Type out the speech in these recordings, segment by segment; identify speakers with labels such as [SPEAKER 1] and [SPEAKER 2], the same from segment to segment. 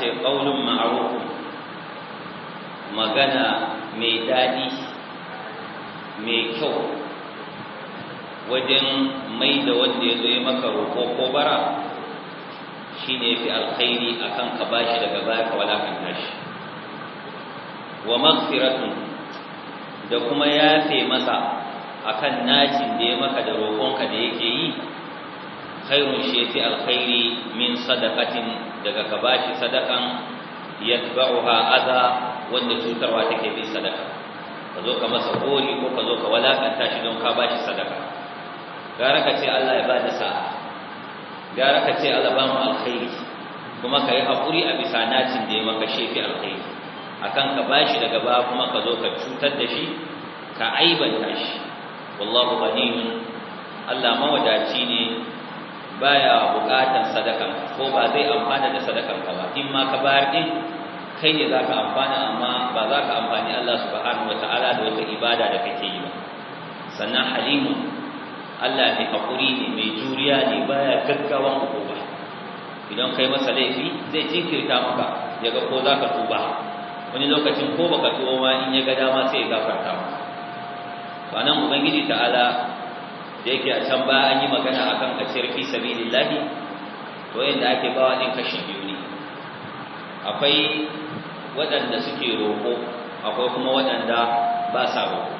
[SPEAKER 1] ce ƙaunin ma'ruf magana mai daɗi mai kyau wajen mai da wanda ya zo yi maka roƙo ko bara shi ne fi alkhairi a kan ka ba shi daga baya ka walakanta shi wa magfiratun da kuma yafe masa a kan nacin da ya maka da roƙonka da yake yi khairun shi fi alkhairi min sadaqatin daga ka bashi sadakan yatba'uha adha wanda cutarwa take bi sadaka ka zo ka masa gori ko ka zo ka walakanta shi don ka bashi sadaka gara ka ce Allah ya ba da sa'a gara ka ce Allah ba mu alkhairi kuma ka yi haƙuri a bisa nacin da ya maka shefi alkhairi akan ka bashi daga ba kuma ka zo ka cutar da shi ka aibanta shi wallahu ghaniyun Allah mawadaci ne baya bukatan sadaka ko ba zai amfana da sadakan ka ba in ma ka bayar din kai ne zaka amfana amma ba za ka amfani Allah subhanahu wataala da wata ibada da kake yi ba sannan halimu Allah ne hakuri ne mai juriya ne baya gaggawan hukuma idan kai masa laifi zai jinkirta maka ya ga ko zaka tuba wani lokacin ko baka tuba ma in ya ga dama sai ya gafarta maka sannan ubangiji ta'ala da yake a can baya an yi magana kan kaciyar fi lillahi to yadda ake bawa ɗin kashi biyu ne akwai waɗanda suke roƙo akwai kuma waɗanda ba sa roƙo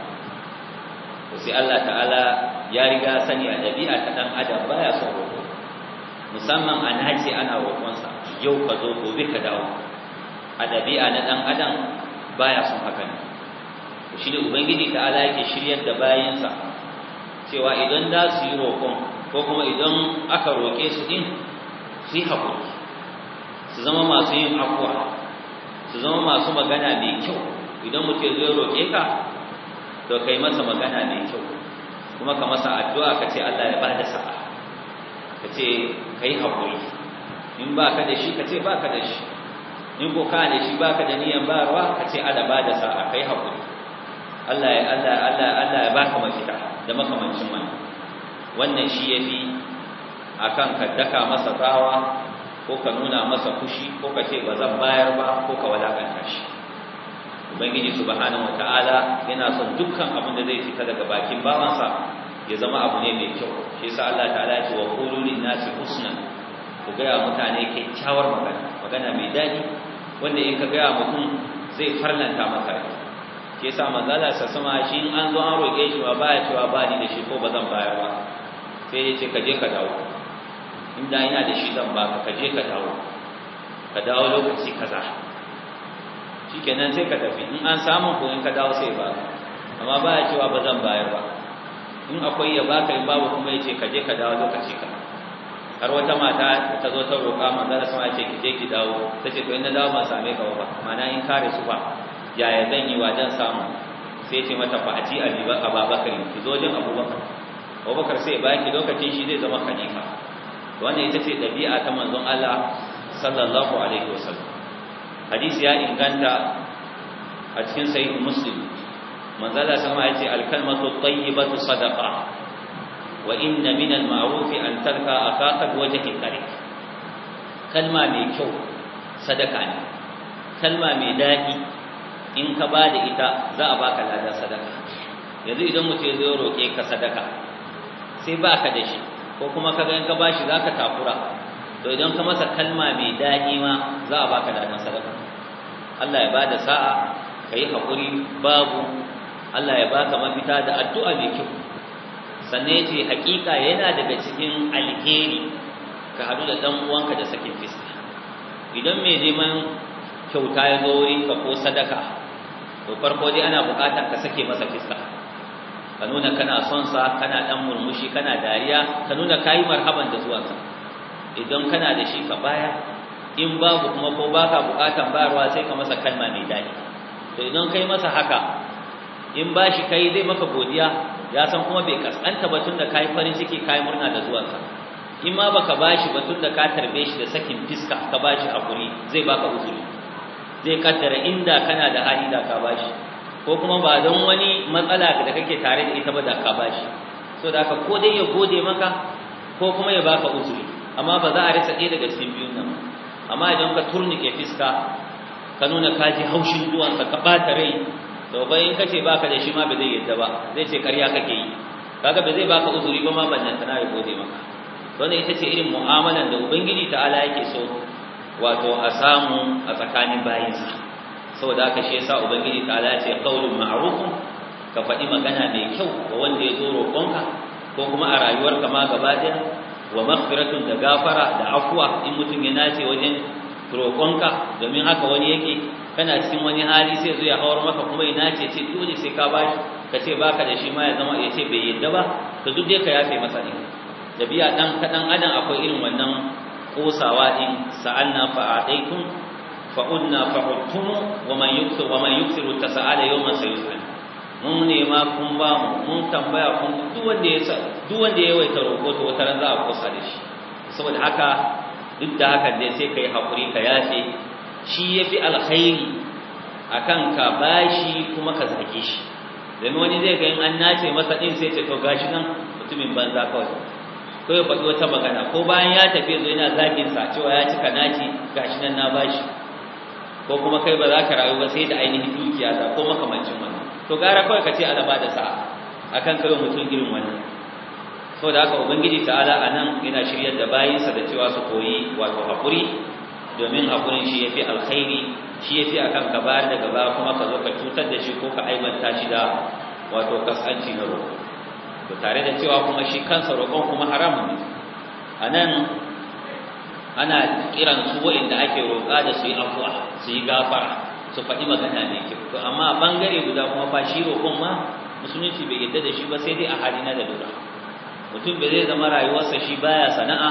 [SPEAKER 1] Ku sai Allah ta'ala ya riga sani a ɗabi'a ta ɗan adam baya son roƙo musamman an hace ana roƙonsa yau ka zo gobe ka dawo a ɗabi'a na ɗan adam baya son haka ne shi ne ubangiji ta'ala yake shiryar da bayansa cewa idan da su yi roƙon ko kuma idan aka roƙe su ɗin, su yi haƙuri su zama masu yin afuwa su zama masu magana mai kyau idan mutum zai roƙe ka to kai masa magana mai kyau kuma ka masa addu'a ka ce Allah ya bada sa'a ka ce ka yi haƙuri in ba ka da shi ka ce ba ka da shi in ko ka da shi ba ka da niyan bayarwa ka ce Allah bada sa'a ka yi haƙuri Allah ya Allah Allah Allah ya baka mafita da makamancin wannan wannan shi yafi akan ka daka masa tsawa ko ka nuna masa kushi ko ka ce ba zan bayar ba ko ka wadakanta shi ubangiji subhanahu wataala yana son dukkan abin da zai fita daga bakin bawansa ya zama abu ne mai kyau shi yasa Allah ta'ala ya ce wa qulu lin nasi husnan ku ga mutane kyakkyawar magana magana mai daɗi? wanda in ka ga mutum zai farlanta maka Ke sa manzala sa sama shi in an zo an roƙe shi ba Ba ya cewa ba ni da shi ko ba zan bayar ba sai ya ce ka je ka dawo inda ina da shi zan baka ka je ka dawo ka dawo lokaci kaza nan sai ka tafi in an samu ko in ka dawo sai ba amma ba ya cewa ba zan bayar ba in akwai ya baka in babu kuma ce ka je ka dawo lokaci ka har wata mata ta zo ta roƙa mazala sama ya ce ki je ki dawo ce to in na dawo ba same ka ba ma'ana in kare su ba yaya zan yi wajen samu sai ce mata fa aji ababakar ki zo jin abubakar abubakar sai baki lokacin shi zai zama khalifa wannan ita ce ɗabi'a ta manzon Allah sallallahu alaihi wasallam hadisi ya inganta a cikin sahih muslim manzon Allah sama ya ce al-kalmatu tayyibatu sadaqa wa inna min al-ma'ruf an tarka akaka wajhi karik kalma mai kyau sadaka ne kalma mai daɗi in ka ba da ita za a baka ladan sadaka yanzu idan mutum zai roƙe ka sadaka sai baka da shi ko kuma kaga in ka bashi zaka takura to idan ka masa kalma mai daɗi ma za a baka ladan sadaka Allah ya bada sa'a kai hakuri babu Allah ya baka mafita da addu'a mai kyau sannan ce hakika yana daga cikin alheri ka hadu da dan uwanka da sakin fiska idan mai neman kyauta ya zo ka ko sadaka to farko dai ana buƙatar ka sake masa fiska ka nuna kana son sa kana dan murmushi kana dariya ka nuna kai marhaban da zuwa idan kana da shi ka baya in babu kuma ko baka buƙatar bayarwa sai ka masa kalma mai daɗi to idan kai masa haka in ba shi kai zai maka godiya ya san kuma bai kaskanta ba tunda kai farin ciki kai murna da zuwansa in ma baka ba shi ba tunda ka tarbe shi da sakin fiska ka ba bashi hakuri zai baka uzuri zai kaddara inda kana da hali da ka bashi ko kuma ba don wani matsala da kake tare da ita ba da ka bashi so da ko dai ya gode maka ko kuma ya baka uzuri amma ba za a rasa ɗaya daga cikin biyun nan amma idan ka ke fiska ka nuna ka ji haushin zuwan ka bata rai to ba in kace baka da shi ma ba zai yadda ba zai ce ƙarya kake yi kaga ba zai baka uzuri ba ma ballanta na ya gode maka wannan ita ce irin mu'amalan da ubangiji ta'ala yake so wato a samu a tsakanin bayinsa saboda haka shi yasa ubangiji ta ce qaulun ma'ruf ka faɗi magana mai kyau ga wanda ya zo roƙonka ko kuma a rayuwarka ma gaba ɗaya wa maghfiratun da gafara da afwa in mutum ya nace wajen roƙonka domin haka wani yake kana cikin wani hali sai zo ya hawar maka kuma ya nace ce dole sai ka bashi ka ce baka da shi ma ya zama ya ce bai yadda ba Ka duk dai ka yafe masa ne da biya dan kadan adam akwai irin wannan kosawa din sa'alna fa'adaikum fa'unna fa'udtumu wa man yuksiru ta man yuksiru tasa'ala yawman sayusal mun nema kun ba mu mun tambaya kun duk wanda ya duk wanda ya yawaita roƙo to wata ran za a kosa da shi saboda haka duk da haka dai sai yi haƙuri ka yafe shi ya fi alkhairi a kan ka bashi kuma ka zage shi domin wani zai ga in an nace masa ɗin sai ce to gashi nan mutumin banza kawai ko ya faɗi wata magana ko bayan ya tafi zo yana zagin sa cewa ya cika naci gashi nan na bashi ko kuma kai ba za ka rayu ba sai da ainihin dukiya ta ko makamancin wannan to gara kawai ka ce ana ba da sa akan kai mutum girin wannan saboda haka ubangiji ta'ala nan yana shiryar da bayinsa da cewa su koyi wato hakuri domin haƙurin shi yafi alkhairi shi yafi akan gaba da gaba kuma ka zo ka cutar da shi ko ka aibanta shi da wato kasanci na roƙo to tare da cewa kuma shi kansa roƙon kuma haramun ne A nan ana kiran su wa'inda ake roƙa da su yi afuwa su yi gafara su faɗi magana ne kyau to amma bangare guda kuma fa shi roƙon ma musulunci bai yadda da shi ba sai dai a hali na lura. mutum bai zai zama rayuwarsa shi baya sana'a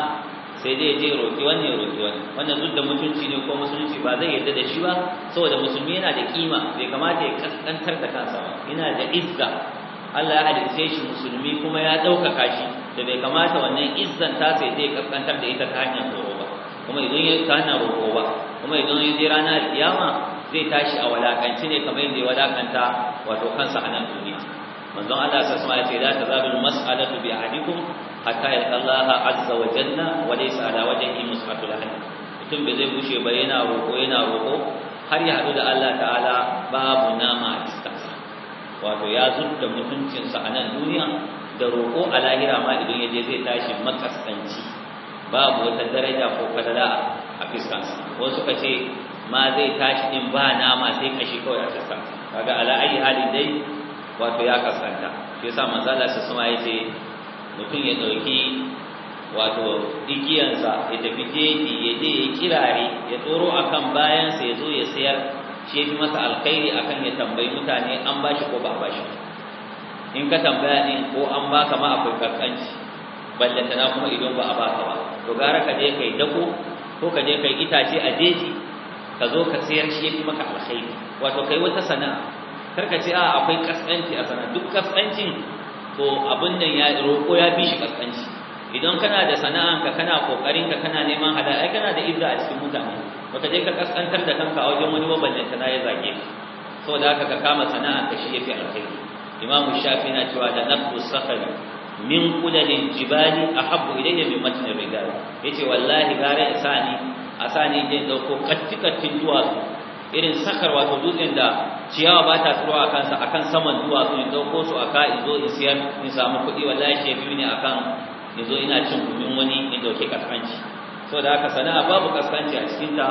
[SPEAKER 1] sai dai je roƙi ya roƙi wani wannan duk da mutunci ne ko musulunci ba zai yarda da shi ba saboda musulmi yana da kima bai kamata ya kaskantar da kansa ba yana da izza Allah ya halitta shi musulmi kuma ya ɗauka shi da bai kamata wannan izzan ta sai zai kaskantar da ita ta hanyar tsoro ba kuma idan ya ta hanyar roƙo ba kuma idan ya je ranar kiyama zai tashi a walakanci ne kamar yadda ya walakanta wato kansa a nan duniya manzon Allah sa sama ya ce za ta zabi mas'alatu bi ahadikum hatta yalqa Allah azza wa jalla wa laysa ala wajhihi mus'atul ahad mutum bai zai bushe ba yana roƙo yana roƙo har ya haɗu da Allah ta'ala babu nama a wato ya zurta mutuncinsa a nan duniya da roƙo a lahira ma idan ya je zai tashi makaskanci babu wata daraja ko kadara a fiskansa wasu suka ce ma zai tashi in ba nama sai kashi kawai a fiskansa kaga ala ayi halin dai wato ya kaskanta shi yasa Allah sai suma yace mutum ya dauki wato igiyansa ya tafi jeji ya je ya kirare ya tsoro akan bayansa ya zo ya sayar shi yi masa alkhairi akan ya tambayi mutane an bashi ko ba a bashi in ka tambaya ne ko an baka ma akwai Ballanta na kuma idan ba a baka ba to gara ka je kai dako ko ka je kai itace a jeji ka zo ka sayar shi yi maka alkhairi wato kai wata sana'a kar ka ce a akwai kaskanci a sana'a duk kaskancin to abin nan ya roƙo ya bi shi kaskanci idan kana da sana'anka kana kokarin ka kana neman hada ai kana da ibda a cikin mutane wata je ka kaskantar da kanka a wajen wani maballanta na ya zage ka saboda haka ka kama sana'a ka shi fi alkhairi imamu shafi na cewa da nafsu safari min kulalil jibali ahabbu ilayya min matn rijal yace wallahi gare asani asani je dauko kattikatin duwatsu irin sakar wato dutsen da ciyawa ba ta tsiro a kansa akan saman su in dauko su aka in zo in siyar in samu kuɗi wallahi ke biyu ne akan in zo ina cin gumin wani in dauke kaskanci so da haka sana'a babu kaskanci a cikin ta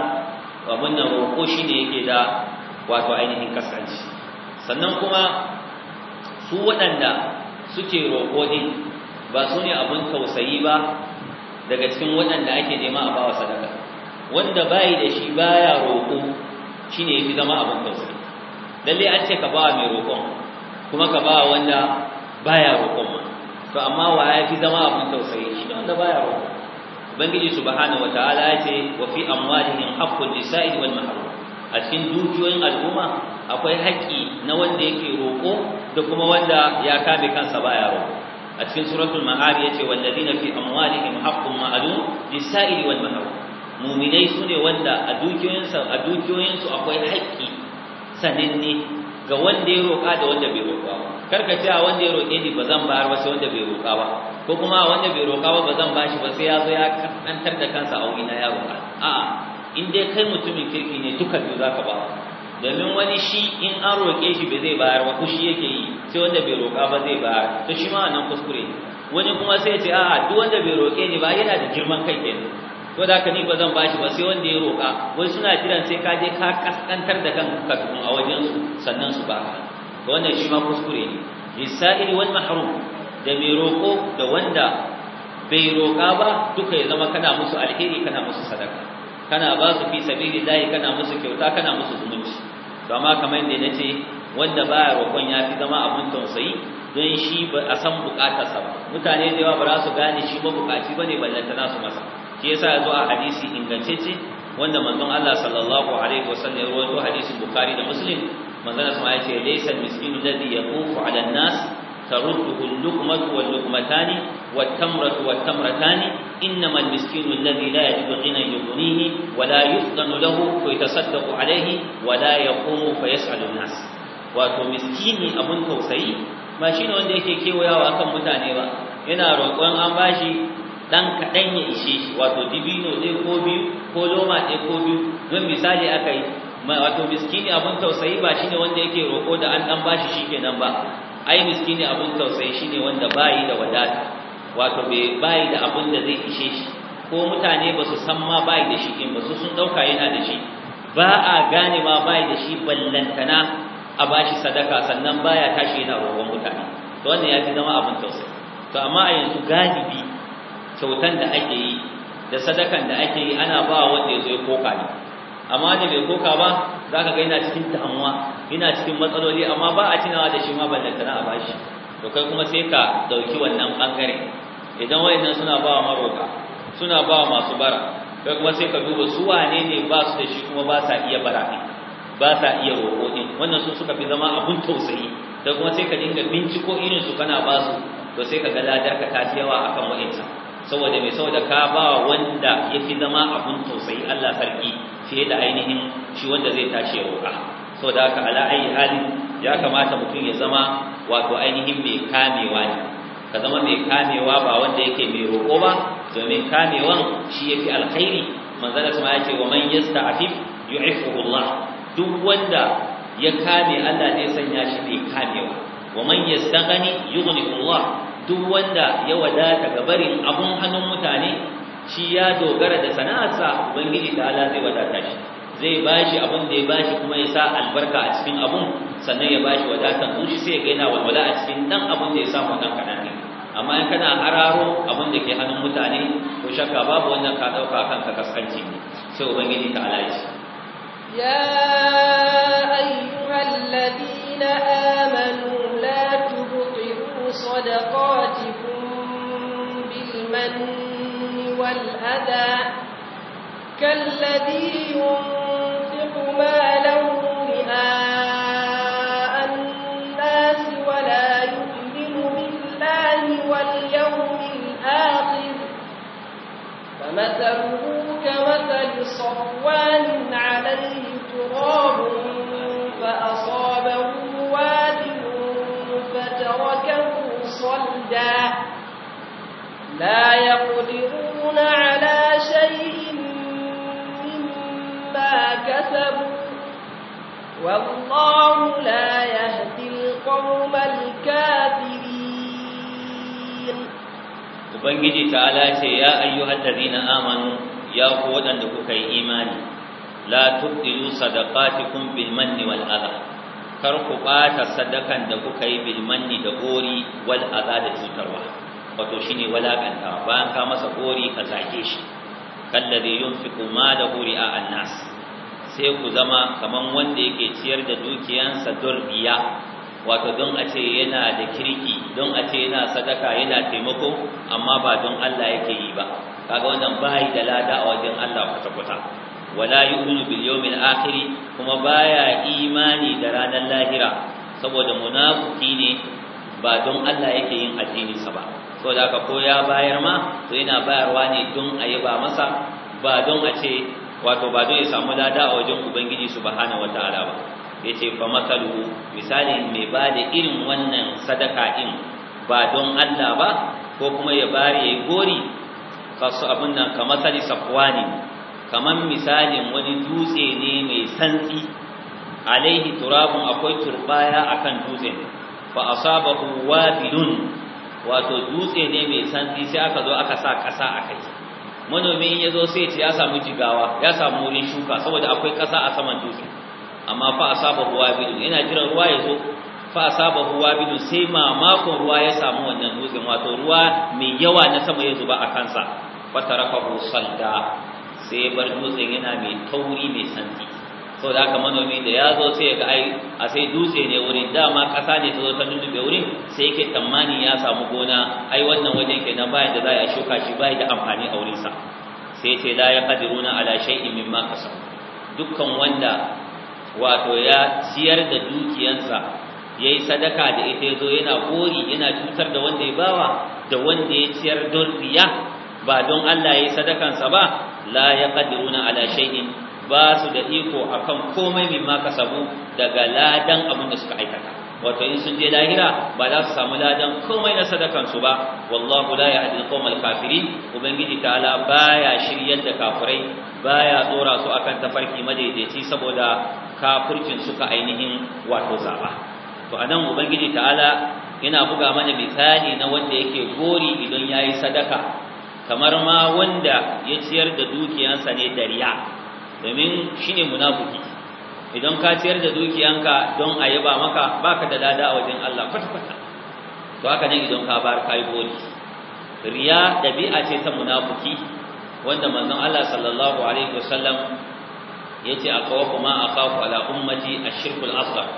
[SPEAKER 1] abin nan roƙo shine yake da wato ainihin kaskanci sannan kuma su waɗanda suke roƙo din ba su ne abin tausayi ba daga cikin waɗanda ake nema a bawa sadaka wanda bayi da shi baya roƙo shine yake zama abin tausayi lalle an ce ka bawa mai roƙon kuma ka bawa wanda baya roƙon ma to amma wa ya fi zama abin tausayi shi wanda baya roƙo ubangiji subhanahu wataala ya ce wa fi amwalihim haqqul lisa'i wal mahrum a cikin dukiyoyin al'umma akwai haƙƙi na wanda yake roƙo da kuma wanda ya kame kansa baya roƙo a cikin suratul ma'ari yace walladina fi amwalihim haqqun ma'lum lisa'i wal mahrum mu'minai sune wanda a dukiyoyinsa a dukiyoyinsu akwai haƙƙi sananne ga wanda ya roƙa da wanda bai roƙa ba karka ce a wanda ya roƙe ni ba zan bayar ba sai wanda bai roƙa ba ko kuma a wanda bai roƙa ba ba zan ba shi ba sai ya zo ya kantar da kansa a wina ya roƙa a'a in dai kai mutumin kirki ne duka biyu zaka ba domin wani shi in an roƙe shi ba zai bayar ba shi yake yi sai wanda bai roƙa ba zai bayar to shi ma nan kuskure wani kuma sai ya ce a'a duk wanda bai roƙe ni ba yana da girman kai kenan to da ka ni ba zan bashi ba sai wanda ya roka wai suna jiran sai ka je ka kaskantar da kan ka tun a wajen su sannan su ba to wannan shi ma kuskure ne lisa'il wal mahrum da mai roko da wanda bai roka ba duka ya zama kana musu alheri kana musu sadaka kana ba su fi sabilillahi kana musu kyauta kana musu zumunci to amma kamar yadda nace wanda baya roƙon ya fi zama abin tausayi don shi ba a san bukatarsa ba mutane da yawa ba za su gane shi mabuƙaci ba ne ballantana su masa shi yasa ya zo a hadisi ingantacce wanda manzon Allah sallallahu alaihi wasallam ya rawaito hadisin Bukhari da Muslim manzon Allah ya ce laysa al-miskinu alladhi yaqufu 'ala an-nas tarudduhu al-luqmatu wal-luqmatani والتمرة والتمرتان إنما المسكين الذي لا يجد غنى يغنيه ولا يفطن له فيتصدق عليه ولا يقوم فيسأل الناس wato miskini abun tausayi ba shine wanda yake kewayawa kan mutane ba yana roƙon an bashi dan kaɗan ya ishe shi wato dibino zai ko biyu ko loma ɗaya ko biyu don misali aka yi wato miskini abun tausayi ba shine wanda yake roƙo da an ɗan bashi shikenan ba ai miskini abun tausayi shine wanda bayi da wadata wato bai bayi da abun da zai ishe shi ko mutane ba su san ma bayi da shi in ba su sun ɗauka yana da shi ba a gane ma bayi da shi ballantana a bashi sadaka sannan baya tashi yana roƙon mutane to wannan ya fi zama abun tausayi to amma a yanzu galibi kyautan da ake yi da sadakan da ake yi ana ba wanda ya zo ya koka ne amma da bai koka ba za ka ga yana cikin ta'amuwa yana cikin matsaloli amma ba a tunawa da shi ma ban ballantana a bashi to kai kuma sai ka dauki wannan bangare idan wayannan suna ba wa maroka suna ba wa masu bara kai kuma sai ka duba su wane ne ba su da shi kuma ba sa iya bara ne ba sa iya roƙo ne wannan su suka fi zama abun tausayi da kuma sai ka dinga binciko irin su kana ba su to sai ka ga ladar ka ta yawa akan wa'insa saboda mai saboda ka ba wanda fi zama abun tausayi Allah sarki fiye da ainihin shi wanda zai tashi ya roƙa saboda haka ala ayi hali ya kamata mutum ya zama wato ainihin mai kamewa ne ka zama mai kamewa ba wanda yake mai roƙo ba domin kamewan shi fi alkhairi manzon sama ya ce wa man yasta'fif yu'ifuhu Allah duk wanda ya kame Allah ne sanya shi mai kamewa wa man gani yughnihu duk wanda ya wadata ga bari abun hannun mutane shi ya dogara da sana'arsa ubangiji ta ala zai wadata shi zai bashi abun da ya bashi kuma ya sa albarka a cikin abun sannan ya bashi wadatan zuci sai ya ga yana walwala a cikin dan abun da ya samu dan kaɗan ne amma in kana hararo abun da ke hannun mutane ko shakka babu wannan ka ɗauka kanka kaskanci ne sai ubangiji ta ala ya
[SPEAKER 2] ce يا
[SPEAKER 3] أيها صدقاتكم بالمن والأذى كالذي ينفق ماله رئاء الناس ولا يؤمن بالله واليوم الآخر فمثله كمثل صفوان عليه تراب فأصابه لا يقدرون على شيء مما كسبوا والله لا يهدي القوم الكافرين
[SPEAKER 1] Ubangiji ta'ala ce ya ayyuhal ladina amanu ya ku wadanda kuka yi imani la tubdilu sadaqatikum bil manni kar ku ɓata sadakan da kuka yi bilmanni da gori wal da cutarwa wato shine walakanta bayan ka masa gori ka zage shi kalladhi kuma da guri a annas. sai ku zama kaman wanda yake ciyar da dukiyansa durbiya wato don a ce yana da kirki don a ce yana sadaka yana taimako amma ba don Allah yake yi ba kaga wannan bai da lada a wajen Allah kwata kwata wala yu'minu bil yawmil akhir kuma baya imani da ranar lahira saboda munafiki ne ba don Allah yake yin addininsa ba saboda ka ko ya bayar ma to yana bayarwa ne don a ba masa ba don a ce wato ba don ya samu lada a wajen ubangiji subhanahu wataala ba yace fa makalu misali mai ba da irin wannan sadaka in ba don Allah ba ko kuma ya bari yi gori kasu abin nan kamar sali safwani kamar misalin wani dutse ne mai santsi alaihi turabun akwai turbaya akan ne. fa asabahu wadidun wato dutse ne mai santi sai aka zo aka sa kasa a kai manomi in yazo sai ya samu jigawa ya samu wurin shuka saboda akwai kasa a saman dutse amma fa asabahu wadidun yana jiran ruwa ya zo fa asabahu wadidun sai mamakon ruwa ya samu wannan dutse. wato ruwa mai yawa na sama ya zuba a kansa fa tarakahu salda sai bar dutse yana mai tauri mai santi so da aka manomi da ya zo sai ga ai a sai dutse ne wurin dama ƙasa ne ta zo ta lullube wurin sai yake tamani ya samu gona ai wannan wajen kenan bayan da za a shuka shi bayan da amfani a wurinsa sai ce la yaqdiruna ala shay'in mimma kasabu dukkan wanda wato ya siyar da dukiyansa yayi sadaka da ita zo yana gori yana tutar da wanda ya bawa da wanda ya ciyar dorbiya ba don Allah yayi sadakansa ba la yaqdiruna ala shay'in ba su da iko akan komai mai maka kasabu daga ladan abin da suka aikata wato in sun je lahira ba za su samu ladan komai na sadakan su ba wallahu la yahdi al kafirin ubangiji ta'ala baya shiryar da kafirai baya tsora su akan tafarki madaidaici saboda kafircin suka ainihin wato zaba to anan ubangiji ta'ala yana buga mana misali na wanda yake gori idan yayi sadaka kamar ma wanda ya ciyar da dukiyarsa ne dariya domin shine munafiki idan ka ciyar da dukiyanka don a yaba maka baka da lada a wajen Allah kwata kwata to haka ne idan ka bar kai boli riya dabi'a ce ta munafuki, wanda manzon Allah sallallahu alaihi wasallam yace akawa ma akafu ala ummati ashirkul asghar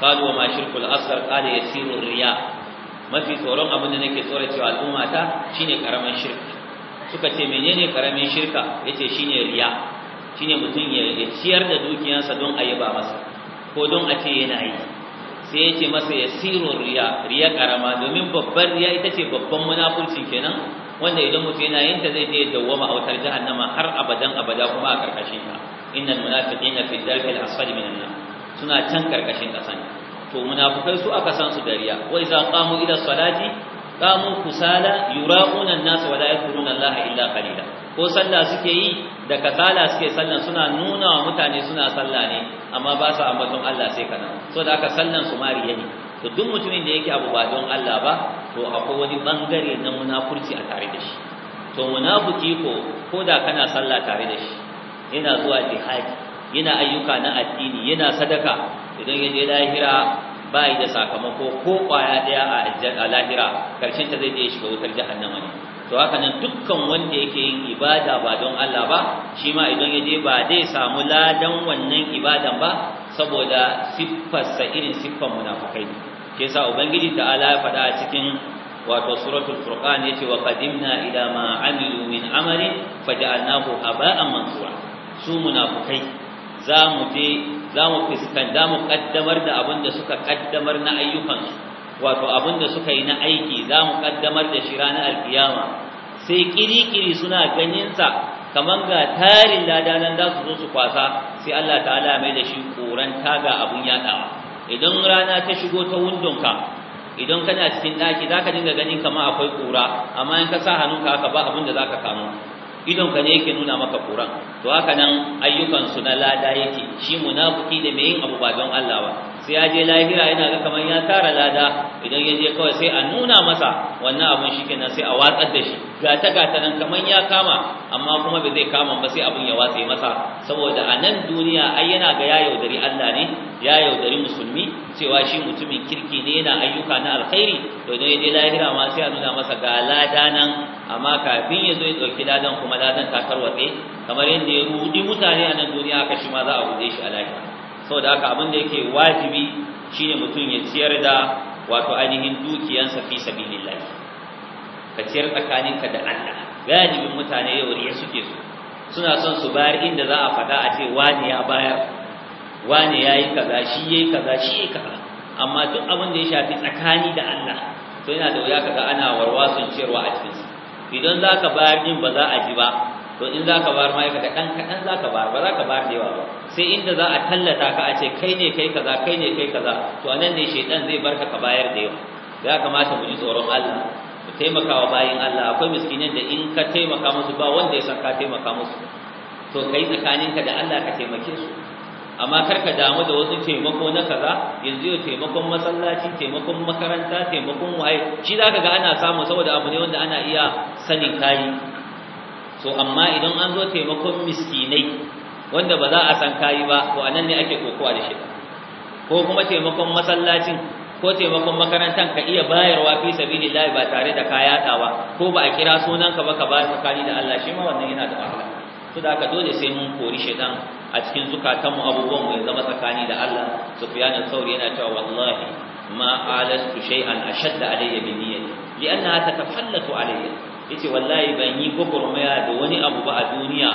[SPEAKER 1] qalu wa ma الأصغر asghar qala yasiru riya. Mafi tsoron abin da nake tsoracewa cewa al'umma ta shine karaman shirka suka ce menene karamin shirka yace shine riya shine mutum ya ciyar da dukiyarsa don a yaba masa ko don a ce yana yi sai ya ce masa ya siro riya riya karama domin babbar riya ita ce babban munafurcin kenan wanda idan mutum yana yin ta zai je dawwama a wutar jahannama har abadan abada kuma a karkashin ta innal munafiqina fi dharkil asfali minan nar suna can karkashin kasa ne to munafukai su aka san su da riya wa idza qamu ila salati qamu kusala yura'una an-nas wa la yadhkuruna illa qalila ko sallah suke yi da kasala suke sallan suna nuna wa mutane suna sallah ne amma ba su ambaton Allah sai kana so da aka sallan su mariya ne to duk mutumin da yake abu ba don Allah ba to akwai wani bangare na munafurci a tare da shi to munafiki ko ko da kana sallah tare da shi yana zuwa jihadi yana ayyuka na addini yana sadaka idan ya lahira bai da sakamako ko kwaya daya a lahira karshen ta zai je shiga wutar jahannama ne to haka nan dukkan wanda yake yin ibada ba don Allah ba shi ma idan ya je ba zai samu ladan wannan ibadan ba saboda siffarsa irin siffar munafukai ke sa ubangiji ta'ala ya faɗa a cikin wato suratul furqan yace wa qadimna ila ma amilu min amali faja'alnahu haba'an mansura su munafukai za mu je za mu fiskanta mu kaddamar da abin da suka kaddamar na ayyukansu wato abin da suka yi na aiki za mu kaddamar da shi ranar alkiyama sai kirikiri suna ganinsa kamar ga tarin lada za su zo su kwasa sai Allah ta'ala mai da shi koran taga abun yadawa idan rana ta shigo ta wundonka idan kana cikin daki zaka dinga ganin kamar akwai kura amma in ka sa hannunka haka ba abin da za ka kamu. idon ka ne yake nuna maka kuran to haka nan ayyukan su na lada yake shi munafiki da mai yin abu ba don Allah ba sai ya je lahira yana ga kamar ya tara lada idan ya je kawai sai a nuna masa wannan abun shi kenan sai a watsar da shi gata gata nan kamar ya kama amma kuma bai zai kama ba sai abun ya watse masa saboda a nan duniya ai yana ga ya yaudari Allah ne ya yaudari musulmi cewa shi mutumin kirki ne yana ayyuka na alkhairi to idan ya lahira ma sai a nuna masa ga lada nan amma kafin ya zo ya dauki ladan kuma ladan ta tarwatse kamar yadda ya rudi mutane a nan duniya aka shi ma za a rude shi a lahira saboda haka abin da yake wajibi shine mutum ya ciyar da wato ainihin dukiyansa fi sabilillah ka ciyar tsakaninka da Allah wajibin mutane yau ne suke su suna son su bayar inda za a faɗa a ce wani ya bayar wane yayi kaza shi yayi kaza shi yayi kaza amma duk abin da ya shafi tsakani da Allah to yana da wuya kaga ana warwasun cewa a cikin idan zaka bayar din ba za a ji ba to in zaka bayar ma yaka dan kadan zaka bayar ba zaka bayar da yawa ba sai inda za a tallata ka a ce kai ne kai kaza kai ne kai kaza to anan ne shedan zai barka ka bayar da yawa ya kamata mu ji tsoron Allah taimaka taimakawa bayin Allah akwai miskinin da in ka taimaka musu ba wanda ya san ka taimaka musu to kai tsakaninka da Allah ka taimake su amma kar ka damu da wasu taimako na kaza yanzu yau taimakon masallaci taimakon makaranta taimakon waye shi za ka ga ana samu saboda abu ne wanda ana iya sanin kayi so amma idan an zo taimakon miskinai wanda ba za a san kayi ba to anan ne ake kokowa da shi ko kuma taimakon masallacin ko taimakon makarantar ka iya bayarwa fi sabilillahi ba tare da kaya dawa ko ba a kira ba ka ba ka ba da Allah shi ma wannan yana da wahala su da aka dole sai mun kori shaitan a cikin zukatanmu abubuwan mu ya zama tsakani da Allah sufyan thawri yana cewa wallahi ma alastu shay'an ashadda alayya bi niyyati li'annaha tatafallatu alayya yace wallahi ban yi gogurmaya da wani abu ba a duniya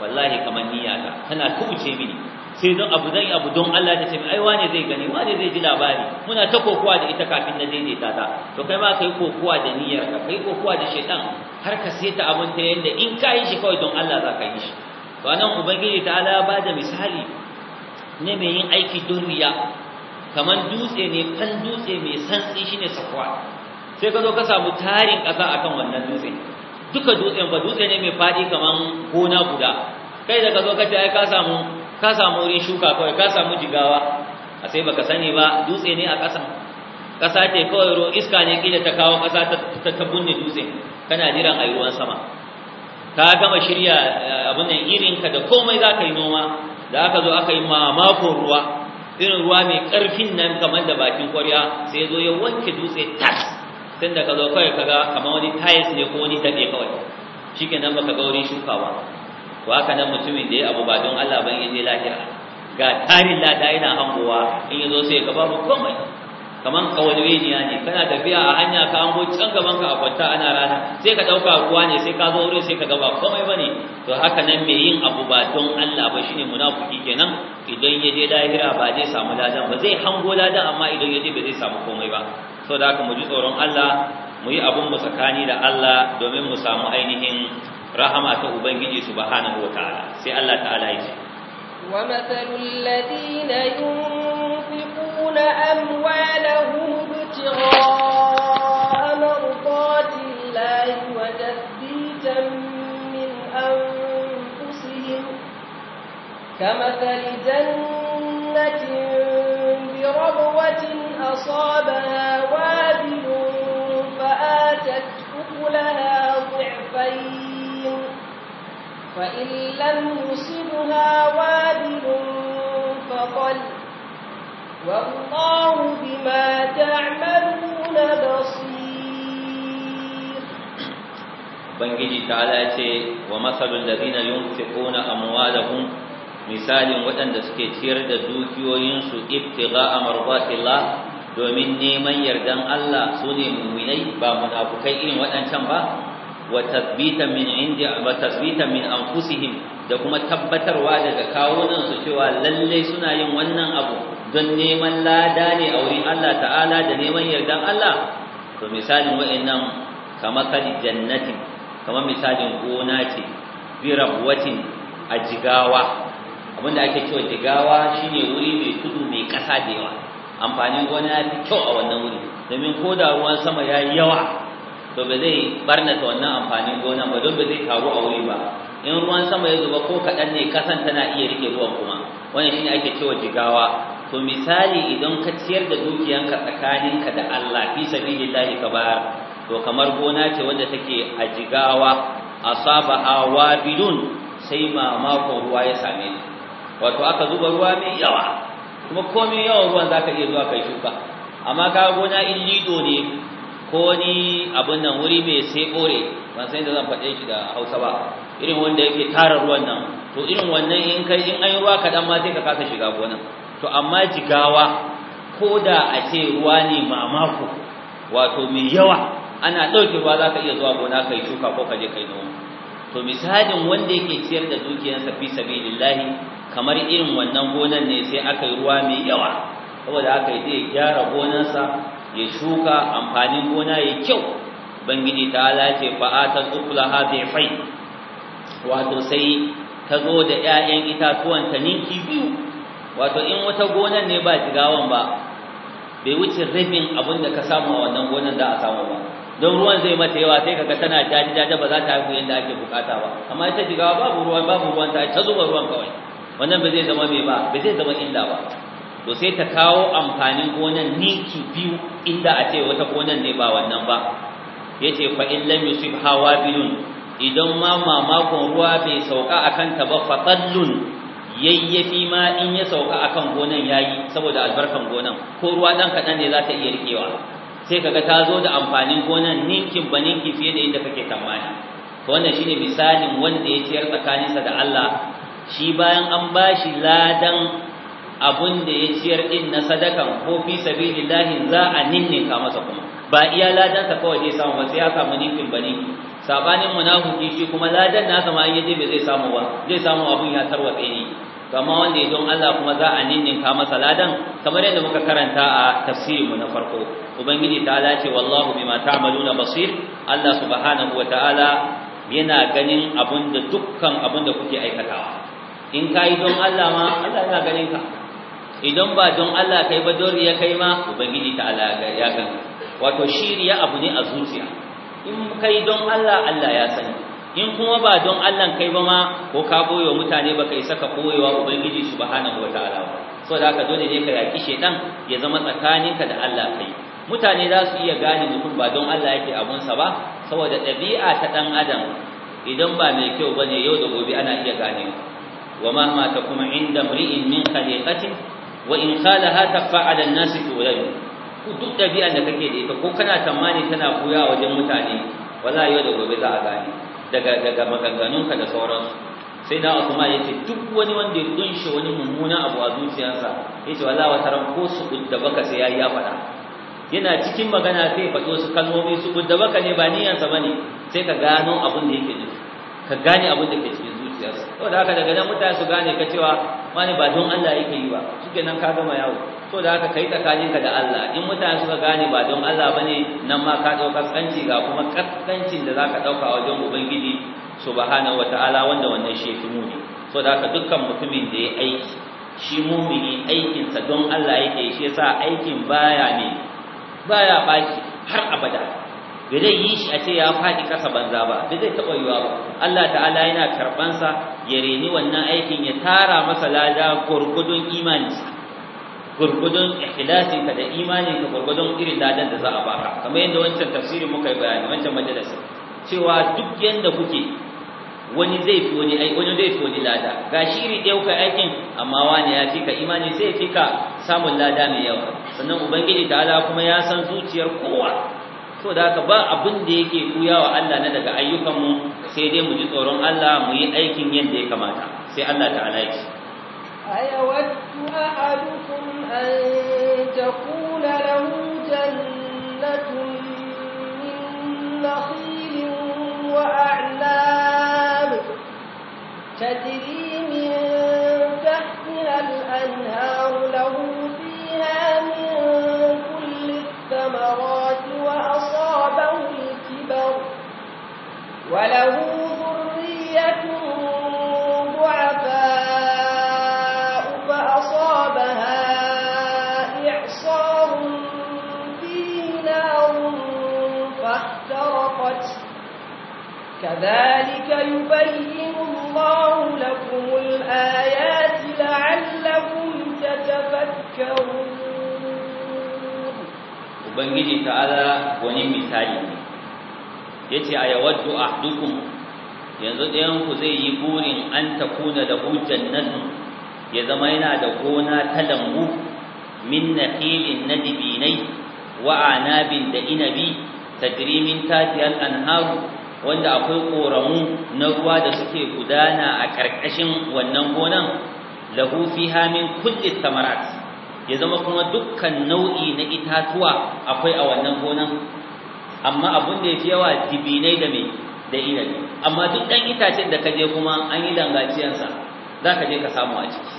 [SPEAKER 1] wallahi kamar niyyata tana kubuce mini sai don abu zan abu don Allah ta ce ai wane zai gani wane zai ji labari muna ta kokowa da ita kafin na daidaita ta to kai ma kai kokowa da niyyar ka kai kokowa da shaitan har ka ta abun ta yanda in ka yi shi kawai don Allah za ka yi shi to anan ubangiji ta ala ba da misali ne mai yin aiki duniya kamar dutse ne kan dutse mai santsi shine sakwa sai ka zo ka samu tarin ƙasa akan wannan dutse duka dutsen ba dutse ne mai faɗi kamar gona guda kai daga ka zo ka ce ai ka samu ka samu wurin shuka kawai ka samu jigawa a sai baka sani ba dutse ne a ƙasan ƙasa ce kawai ruwan iska ne kila ta kawo ƙasa ta ta bunne dutse kana jiran a ruwan sama ka gama shirya eh, abin nan irin ka da komai za ka yi noma da aka zo aka yi mamakon ruwa irin ruwa mai ƙarfin nan kamar da bakin ƙwarya sai ya zo ya wanke dutse tas tun da ka zo kawai kaga kamar wani tayis ne ko wani daɗe kawai shi ke nan baka ga wurin shukawa to haka nan mutumin da ya abu ba don Allah ban yaje lahira ga tarin lada yana hangowa in yazo sai ka babu komai kaman kawalweniya ne kana tafiya a hanya ka hango can gaban ka a kwanta ana rana sai ka dauka ruwa ne sai ka zo wurin sai ka gaba ba komai bane to haka nan mai yin abu ba don Allah ba shine munafiki kenan idan yaje lahira ba zai samu ladan ba zai hango ladan amma idan yaje ba zai samu komai ba saboda haka mu ji tsoron Allah mu yi abun mu tsakani da Allah domin mu samu ainihin rahama ta ubangiji subhanahu wataala sai Allah ta'ala yace
[SPEAKER 3] wa mathalul ladina yunfiquna amwalahum ibtigha'a mardatillahi wa tathbitan min anfusihim kamathali jannatin bi rabwatin asabaha وإن لم يصبها وابل فطل والله بما تعملون بصير
[SPEAKER 1] بنجي تعالى ومثل الذين ينفقون أموالهم misalin waɗanda suke ciyar da dukiyoyinsu ibtigha amarbatillah domin neman yardan Allah su ne muminai ba munafukai irin waɗancan ba wa bitamin min indi wa tathbita min anfusihim da kuma tabbatarwa daga kawunan su cewa lalle suna yin wannan abu don neman lada ne a wurin Allah ta'ala da neman yardan Allah to misalin wa'annan kama kali jannati kama misalin gona ce bi rabwatin a jigawa abinda ake cewa jigawa shine wuri mai tudu mai kasa da yawa amfanin gona ya fi kyau a wannan wuri domin ko da ruwan sama ya yawa to ba zai barnata wannan amfanin gona ba don ba zai taru a wuri ba in ruwan sama ya zuba ko kaɗan ne kasan tana iya rike ruwan kuma wannan shine ake cewa jigawa to misali idan ka ciyar da dukiyanka tsakaninka da Allah fi sabilillahi ka bayar to kamar gona ce wanda take a jigawa asaba awabidun sai mamakon ruwa ya same ni wato aka zuba ruwa mai yawa kuma komai yawan ruwan zaka iya zuwa kai shuka amma ka gona in lido ne ko ni abin nan wuri mai sai kore ban san da zan faɗe shi da hausa ba irin wanda yake tara ruwan nan to irin wannan in kai in an ruwa kaɗan ma sai ka kasa shiga gonan to amma jigawa ko da a ce ruwa ne mamako wato mai yawa ana ɗauke ruwa za ka iya zuwa gona kai shuka ko ka je kai noma to misalin wanda yake ciyar da dukiyarsa fi sabilillahi kamar irin wannan gonan ne sai aka yi ruwa mai yawa saboda aka yi zai gyara gonarsa ya shuka amfanin gona ya kyau bangiji ta lace fa'atan ukulaha bi fai wato sai ta zo da 'ya'yan itatuwan ta ninki biyu wato in wata gonan ne ba jigawan ba bai wuce rabin abin da ka samu a wannan gonan za a samu ba don ruwan zai mata yawa sai kaga tana jaji jaji ba za ta haihu yadda ake bukata ba amma ita jigawa babu ruwan babu ruwan ta ta zuba ruwan kawai wannan ba zai zama mai ba ba zai zama illa ba to sai ta kawo amfanin gonan ninki biyu inda a ce wata gonan ne ba wannan ba yace fa in lam yusib bilun idan ma mamakon ruwa bai sauka akan ta ba fatallun yayyafi ma in ya sauka akan gonan yayi saboda albarkan gonan ko ruwa ɗan kaɗan ne za ta iya rikewa sai kaga ta zo da amfanin gonan ninkin ba ninki fiye da inda kake tsammani to wannan shine misalin wanda ya ciyar tsakaninsa da Allah shi bayan an bashi ladan abun da ya ciyar din na sadakan ko fi sabilillahi za a ninninka masa kuma ba iya ladan ka kawai zai samu ba sai ya samu ninkin bani sabanin munafiki shi kuma ladan nasa ma yaje bai zai samu ba zai samu abun ya tarwatse ne Kamar wanda ya don Allah kuma za a ninninka masa ladan kamar yadda muka karanta a mu na farko ubangiji ta ce wallahu bima ta'maluna basir Allah subhanahu ta'ala yana ganin da dukkan da kuke aikatawa in kai don Allah ma Allah yana ganin ka idan ba don Allah kai ba don ya kai ma ubangiji ta ya kan wato shiriya abu ne a zuciya in kai don Allah Allah ya sani in kuma ba don Allah kai ba ma ko ka boye mutane ba kai saka boyewa ubangiji subhanahu wataala saboda haka dole ne ka yaki shedan ya zama tsakaninka da Allah kai mutane za su iya gane mutum ba don Allah yake sa ba saboda dabi'a ta dan adam idan ba mai kyau ba ne yau da gobe ana iya gane wa ma ta kuma inda mri'in min khaliqatin wa in qalaha tafa ala an-nas tulayl ku duk dabi'a da kake da ita ko kana tamani tana koya wajen mutane wallahi yau da gobe za a gane daga daga maganganunka da sauransu sai da Usman yace duk wani wanda ya kunshi wani mummuna abu a zuciyarsa yace wallahi wa ran ko su da baka sai yayi ya fada yana cikin magana sai faɗi wasu kalmomi su gudda baka ne ba niyyarsa bane sai ka gano abin da yake nufi ka gane abin da ke cikin zuciyarsa saboda haka daga nan mutane su gane ka cewa wani ba don Allah yake yi ba nan ka gama yawo So da haka kai ka da Allah in mutane suka gane ba don Allah bane nan ma ka dauka kaskanci ga kuma kaskancin da zaka dauka wajen ubangiji subhanahu wataala wanda wannan shi yake muni So da haka dukkan mutumin da ya aiki shi mumini aikinsa don Allah yake shi yasa aikin baya ne baya baki har abada bai zai yi shi a ce ya faɗi kasa banza ba bai zai taɓa yiwa ba Allah ta'ala yana karɓansa ya reni wannan aikin ya tara masa lada gurgudun imaninsa gurgudun ikhlasin ka da imanin ka gurgudun irin ladan da za a baka kamar yadda wancan tafsirin muka yi bayani wancan majalisa cewa duk yanda kuke wani zai fi wani ai wani zai fi wani lada ga iri ɗaya yauka aikin amma wani ya fika imani sai fika samun lada mai yawa sannan ubangiji ta'ala kuma ya san zuciyar kowa so da haka ba abin da yake kuya wa Allah na daga ayyukanmu sai dai mu ji tsoron Allah mu yi aikin yadda ya kamata sai Allah ta'ala ya ce
[SPEAKER 3] أيود أحدكم أن تقول له جنة من نخيل وأعناب تجري من تحتها الأنهار له وله ذرية ضعفاء فأصابها إعصار فيه نار فاحترقت كذلك يبين الله لكم الآيات لعلكم تتفكرون
[SPEAKER 1] وبنجي تعالى ونمي سعيد. yace du'a dukun, yanzu ɗayanku zai yi burin an takuna da nan. ya zama yana da gona ta lambu min filin na dibinai wa da inabi ta min tafiyar anhar wanda akwai ƙoramu na ruwa da suke gudana a ƙarƙashin wannan gonan lahu fiha min kulli ya zama kuma dukkan nau'i na itatuwa akwai a wannan gonan amma abun da yake yawa dibinai da me da inabi amma duk dan itacen da kaje kuma an yi dangaciyansa zaka je ka samu a ciki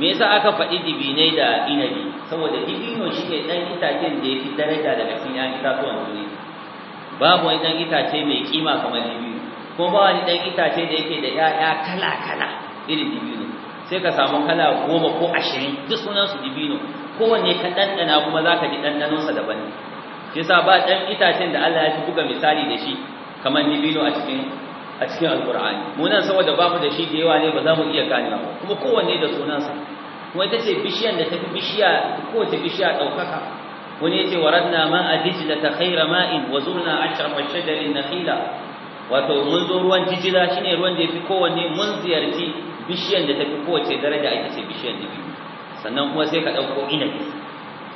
[SPEAKER 1] me yasa aka faɗi dibinai da inabi saboda dibino shi ne dan itacen da yake daraja daga cikin yan itatuwan duniya babu wani dan itace mai kima kamar dibino ko ba wani dan itace da yake da 'ya'ya kala kala irin dibino sai ka samu kala goma ko ashirin duk sunan su dibino kowanne ka ɗanɗana kuma zaka ji ɗanɗanonsa daban ne shi yasa ba dan itacen da Allah ya fi buga misali da shi kamar dibino a cikin a cikin alqur'ani mu nan saboda babu da shi da yawa ne ba za mu iya ganewa ba kuma kowanne da sunansa kuma ita ce bishiyan da ta fi bishiya kowace bishiya ɗaukaka wani ya ce waradna ma a dijila ta khaira ma'in wa zurna ashrafa shajarin nakhila wato mun zo ruwan jijila shine ruwan da yafi kowanne mun ziyarci bishiyan da tafi kowace daraja ita ce bishiyan da biyu sannan kuma sai ka dauko inabi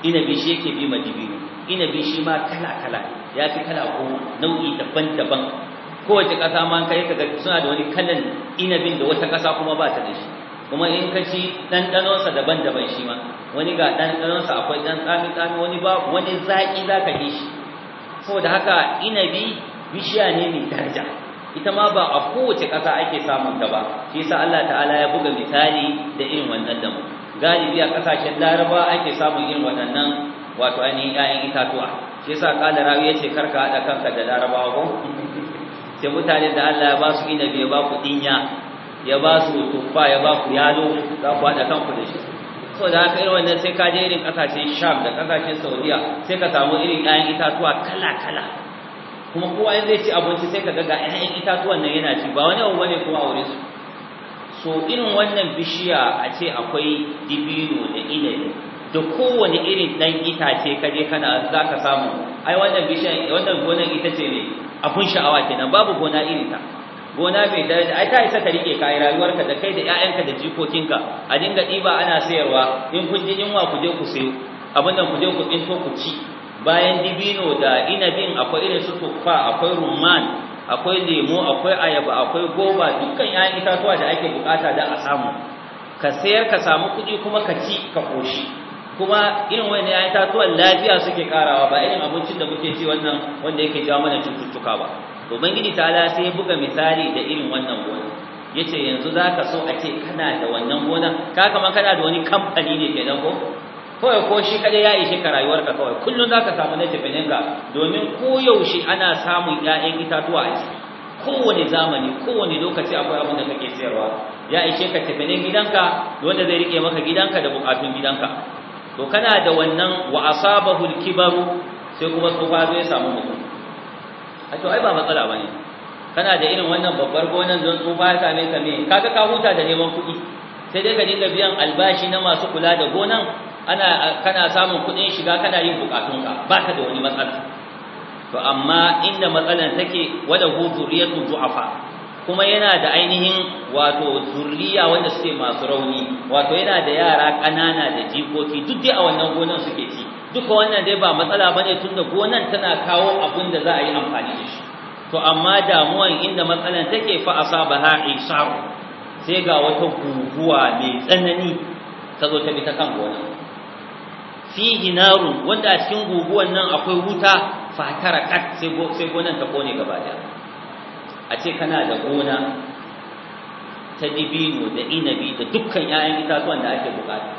[SPEAKER 1] inabi shi yake bi ma dibino inabi shi ma kala-kala ya fi kala goma nau'i daban-daban kowace ƙasa ma kai ka ga suna da wani kalan inabin da wata ƙasa kuma ba ta da shi kuma in ka ci ɗanɗanonsa daban-daban shi ma wani ga ɗanɗanonsa akwai ɗan tsami-tsami wani ba wani zaƙi za ka ji shi saboda haka inabi bishiya ne mai daraja ita ma ba a kowace ƙasa ake samun ta ba shi yasa Allah ta'ala ya buga misali da irin wannan da mu galibi a ƙasashen laraba ake samun irin waɗannan wato ainihin ƴaƴan itatuwa shi yasa kala rawi yace karka hada kanka da larabawa ko sai mutane da Allah ya ba su inabi ya ba ku dinya ya ba su tuffa ya ba ku yalo za ku hada kanku da shi so da haka irin wannan sai ka je irin ƙasashen Sham da kasashen Saudiya sai ka samu irin ƴaƴan itatuwa kala kala kuma kowa in zai ci abinci sai ka ga ga ƴaƴan itatuwan nan yana ci ba wani abu bane kuma aure su so irin wannan bishiya a ce akwai dibino da inabi da kowane irin dan itace ka je kana za ka samu ai wannan bishan wannan gonan ita ce ne abun sha'awa kenan babu gona irin ta gona mai daraja ai ta isa ka rike ka yi rayuwarka da kai da ƴaƴanka da jikokinka a dinga ɗiba ana sayarwa in kun ji inwa ku je ku sayo abin nan ku je ku tsinto ku ci bayan dibino da inabin akwai irin su tuffa akwai rumman akwai lemo akwai ayaba akwai goba dukkan ƴaƴan itatuwa da ake bukata da a samu ka sayar ka samu kuɗi kuma ka ci ka koshi kuma
[SPEAKER 2] irin wani ya yi tatuwan lafiya suke karawa ba irin
[SPEAKER 1] abincin da muke ci wannan wanda yake jawo mana cututtuka ba to ubangiji ta sai buga misali da irin wannan gona yace yanzu zaka so a ce kana da wannan gona ka kamar kana da wani kamfani ne kenan ko kawai ko shi kada ya ishe ka rayuwarka kawai kullum zaka samu na tafininka domin koyaushe ana samun ƴaƴan itatuwa a ciki kowane zamani kowane lokaci akwai abin da kake sayarwa ya ishe ka tafirin gidanka wanda zai rike maka gidanka da bukatun gidanka to kana da wannan wa asabahu hulki kibaru sai kuma tsufa zai samu mutum a to ai ba matsala bane kana da irin wannan babbar gonan don tsufa ya same ka me kaga ka huta da neman kuɗi sai dai ka dinga biyan albashi na masu kula da gonan ana kana samun kuɗin shiga kana yin bukatunka ba ka da wani matsala to amma inda matsalan take wala hu zuriyatu du'afa kuma yana da ainihin wato zurriya wanda suke masu rauni wato yana da yara ƙanana da jikoki duk dai a wannan gonan suke ci duka wannan dai ba matsala bane tunda gonan tana kawo abin da za a yi amfani da shi to amma damuwan inda matsalan take fa ha isar sai ga wata guguwa mai tsanani ta zo ta bi ta kan gonan fi narun wanda a cikin guguwan nan akwai wuta fatara kat sai gonan ta kone gaba daya a ce kana da gona ta dibino da inabi da dukkan 'ya'yan itatuwan da ake bukata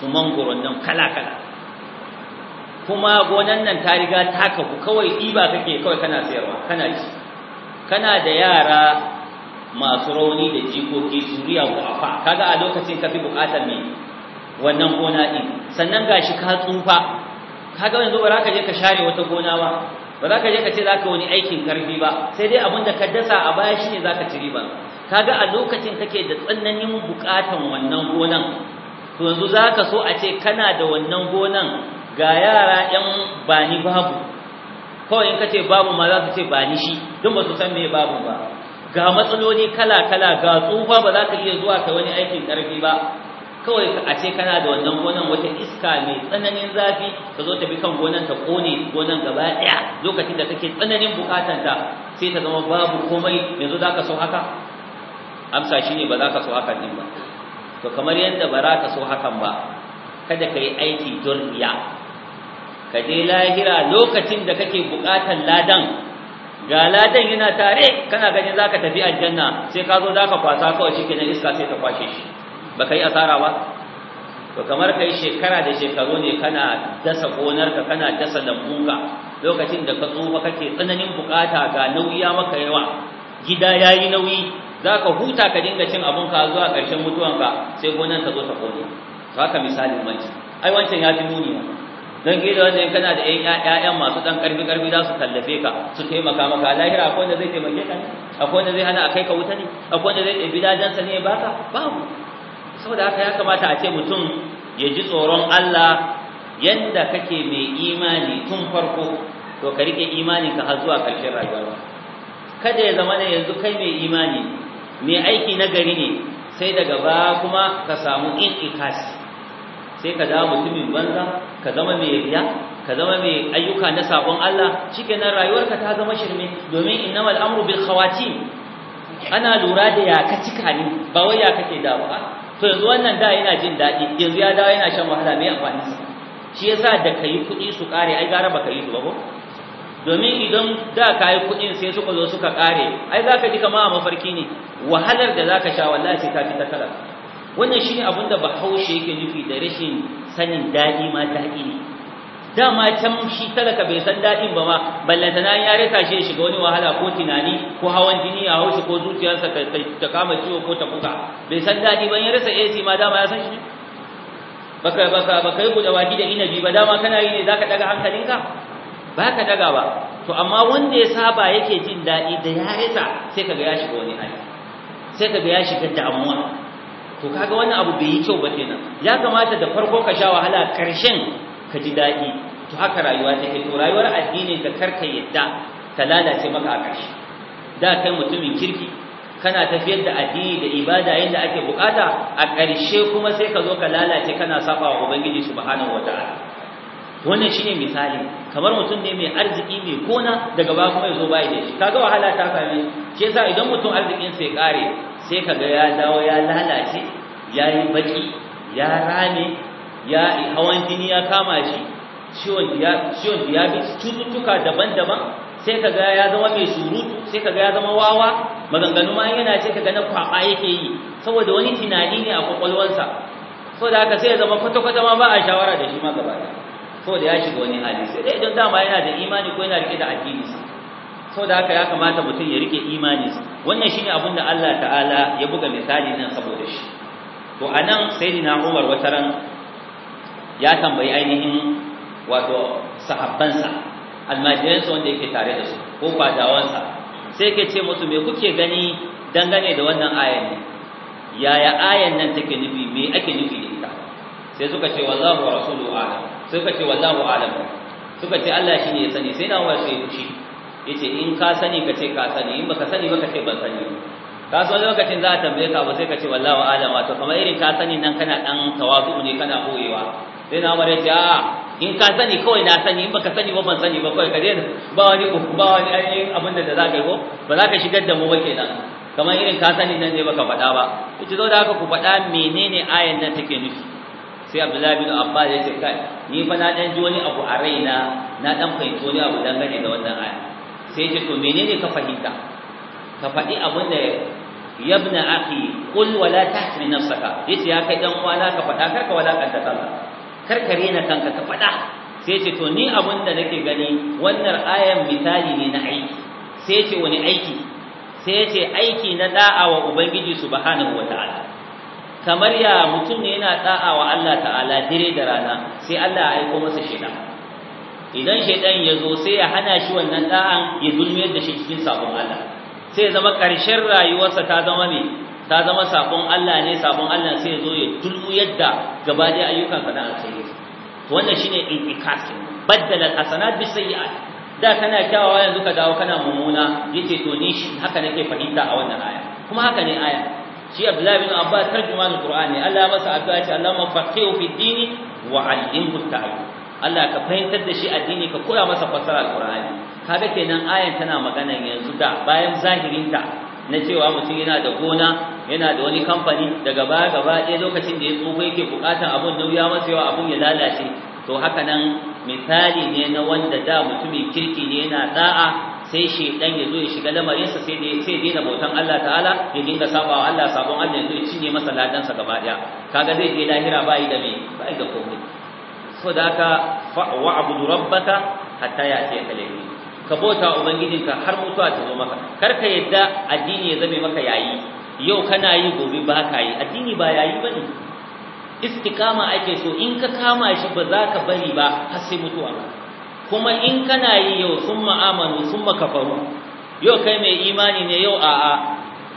[SPEAKER 1] su mangoron nan kala-kala kuma gonan nan ta riga taka ku kawai ɗiba kake kawai kana sayarwa kana ci kana da yara masu rauni da jikoki zuriya wafa kaga a lokacin ka fi buƙatar me wannan gona din sannan gashi ka tsufa kaga yanzu ba za ka je ka share wata gona ba ba za ka je ka ce za ka wani aikin karfi ba sai dai abin ka dasa a baya shi ne za ka ba. Ka ga a lokacin kake da tsananin bukatan wannan gonan to yanzu za ka so a ce kana da wannan gonan ga yara ‘yan bani babu kawai in ka ce babu ma za ka ce bani shi don ba su san me babu ba ga matsaloli kala-kala ga tsufa ba za ka iya zuwa ka wani aikin ƙarfi ba kawai a ce kana da wannan gonan wata iska mai tsananin zafi ka zo ta bi kan gonan ta kone gonan gaba ɗaya lokacin da kake tsananin bukatanta sai ta zama babu komai yanzu za ka so haka amsa shi ne ba za ka so haka din ba to kamar yadda ba za ka so hakan ba kada ka yi aiki don iya, ka je lahira lokacin da kake bukatan ladan ga ladan yana tare kana ganin za ka tafi aljanna sai ka zo za ka kwasa kawai shi kenan iska sai ta kwashe shi ba ka yi asara ba to kamar kai shekara da shekaru ne kana dasa ƙonarka, kana dasa lambunka lokacin da ka tsufa kake tsananin bukata ga nauyi ya maka yawa gida ya yi nauyi za ka huta ka dinga cin ka zuwa ƙarshen mutuwanka sai gonar ka zo ta kone haka misalin manci ai wancan ya fi muni don gida wanda kana da ƴan ƴaƴan masu ɗan ƙarfi ƙarfi za su tallafe ka su taimaka maka lahira akwai wanda zai taimake ka ne akwai wanda zai hana a kai ka wuta ne akwai wanda zai ɗabi dajansa ne baka babu saboda haka ya kamata a ce mutum ya ji tsoron Allah yadda kake mai imani tun farko to ka rike imaninka har zuwa ƙarshen rayuwa kada ya zama ne yanzu kai mai imani mai aiki na gari ne sai daga ba kuma ka samu in'ikas sai ka dawo mutumin banza ka zama mai riya ka zama mai ayyuka na sabon Allah na rayuwarka ta zama shirme domin innamal amru bil khawatim ana lura da ya ka cika ne ba wai ya kake da ba to yanzu wannan da yana jin daɗi yanzu ya dawo yana shan wahala mai amfani shi yasa da ka yi kuɗi su kare, ai gara baka yi ba ko domin idan da ka yi kuɗin sai suka zo suka kare, ai za ka ji kama a mafarki ne wahalar da za ka sha wallahi sai ka fi ta wannan shi ne abin da bahaushe yake nufi da rashin sanin daɗi ma daɗi ne dama can shi talaka bai san daɗin ba ma ballantana ya rasa shi shiga wani wahala ko tunani ko hawan jini a haushi ko zuciyarsa ta kama ciwo ko ta kuka bai san daɗi ba ya rasa AC ma dama ya san shi baka baka baka yi buɗe baki da inabi ba dama kana yi ne zaka daga hankalinka ba ka daga ba to amma wanda ya saba yake jin daɗi da ya rasa sai kaga ya shiga wani hali sai kaga ya shiga damuwa to kaga wannan abu bai yi kyau ba kenan ya kamata da farko ka sha wahala karshen ka ji daɗi to haka rayuwa take to rayuwar addini ka karka yadda ta lalace maka a ƙarshe da kai mutumin kirki kana tafiyar da addini da ibada yadda ake bukata a ƙarshe kuma sai ka zo ka lalace kana saba wa ubangiji subhanahu wataala wannan shine misali kamar mutum ne mai arziki mai kona daga ba kuma yazo bai da shi kaga wahala ta same shi yasa idan mutum arzikin sai kare sai kaga ya dawo ya lalace ya yi baki ya rame ya hawan jini ya kama shi ciwon diabetes cututtuka daban-daban sai kaga ya zama mai surutu sai kaga ya zama wawa maganganu ma yana ce kaga na kwaba yake yi saboda wani tunani ne a kwakwalwansa saboda haka sai ya zama kwata-kwata ma ba a shawara da shi ma gaba da saboda ya shiga wani hali sai dai idan dama yana da imani ko yana rike da addini saboda haka ya kamata mutum ya rike imani wannan shine abin da Allah ta'ala ya buga misali nan saboda shi to anan sayyidina Umar wataran ya tambayi ainihin wato sahabbansa almajiransa wanda yake tare da su ko fadawansa sai yake ce musu me kuke gani dangane da wannan ayan yaya ayan nan take nufi me ake nufi da ita sai suka ce wallahu wa rasuluhu a'lam suka ce wallahu a'lam suka ce Allah shine ya sani sai na wa sai ci yace in ka sani ka ce ka sani in baka sani baka ce ban sani ka so lokacin za a tambaye ka ba sai ka ce wallahu a'lam wato kamar irin ka sani nan kana dan tawazu ne kana boyewa sai na umar ya ce a in ka sani kawai na sani in baka sani ba ban sani ba kawai ka daina ba wani ba wani ainihin abin da za ka yi ko ba za ka shigar da mu ba kenan kamar irin ka sani nan ne baka faɗa ba yace zo da haka ku faɗa menene ayan nan take nufi sai Abdullahi bin Abbas ya ce kai ni fa na dan ji wani abu a raina na dan fahimci wani abu dangane da wannan aya sai ce to menene ka fahimta ka faɗi abin da ya ibn akhi qul wala tahmi nafsaka saka ya kai dan uwana ka faɗa karka wala kanta kanka karkare na kanka ka faɗa sai ce to ni abin da nake gani wannan ayan misali ne na aiki sai ce wani aiki sai ce aiki na da'a wa ubangiji subhanahu wataala kamar ya mutum ne yana da'awa Allah ta'ala dire da rana sai Allah ya aiko masa shida. idan shaidan ya zo sai ya hana shi wannan da'an ya zulmiyar da shi cikin sabon Allah sai zama ƙarshen rayuwarsa ta zama ne ta zama sabon Allah ne sabon Allah sai ya zo ya dulmu yadda gaba da ayyukan ka da alkhairi to wannan shine intikas baddala alhasanat bi sayyi'at da kana kyawawa yanzu ka dawo kana mummuna yace to ni shi haka nake fahimta a wannan aya kuma haka ne aya shi Abdullah bin Abbas tarjuman Qur'ani Allah masa addu'a ce Allah mafaqihu fi dini wa 'allimhu ta'wil Allah ka fahimtar da shi addini ka koya masa fasara Qur'ani kaga kenan ayan tana magana yanzu da bayan zahirinta na cewa mutum yana da gona yana da wani kamfani daga baya gaba ɗaya lokacin da ya tsufa yake bukatan abun nauya masa yawa abun ya lalace to haka nan misali ne na wanda da mutumin kirki ne yana da'a sai shedan ya zo ya shiga lamarinsa sai da sai daina bautan Allah ta'ala ya dinga sabawa Allah sabon Allah ya zo ya cinye masa ladansa gaba ɗaya kaga zai je lahira bai da me bai da komai saboda da wa'budu rabbaka hatta ya'tiyaka al-yaqin ka bauta ubangijinka har mutuwa ta zo maka kar ka yadda addini ya zame maka yayi yau kana yi gobe ba ka yi addini ba yayi bane istiqama ake so in ka kama shi ba za ka bari ba har sai mutuwa kuma in kana yi yau sun ma'amalu sun makafaru yau kai mai imani ne yau a'a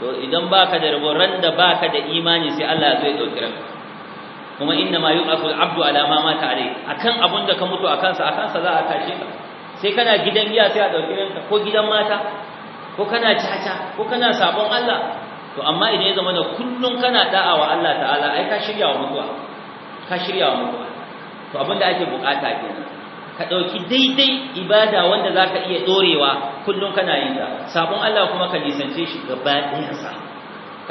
[SPEAKER 1] to idan baka da rabo ran da baka da imani sai Allah zai dauki ranka kuma inna ma yu'afu al-abdu ala ma mata alai akan abun da ka mutu akan sa akan sa za a kashe ka sai kana gidan giya sai a ɗauki ko gidan mata ko kana caca ko kana sabon Allah to amma idan ya zama da kullum kana da'a wa Allah ta'ala ai ka shirya wa mutuwa ka shirya wa mutuwa to abinda ake bukata kenan ka ɗauki daidai ibada wanda za ka iya dorewa kullum kana yin ta sabon Allah kuma ka nisance shi gaba daidai sa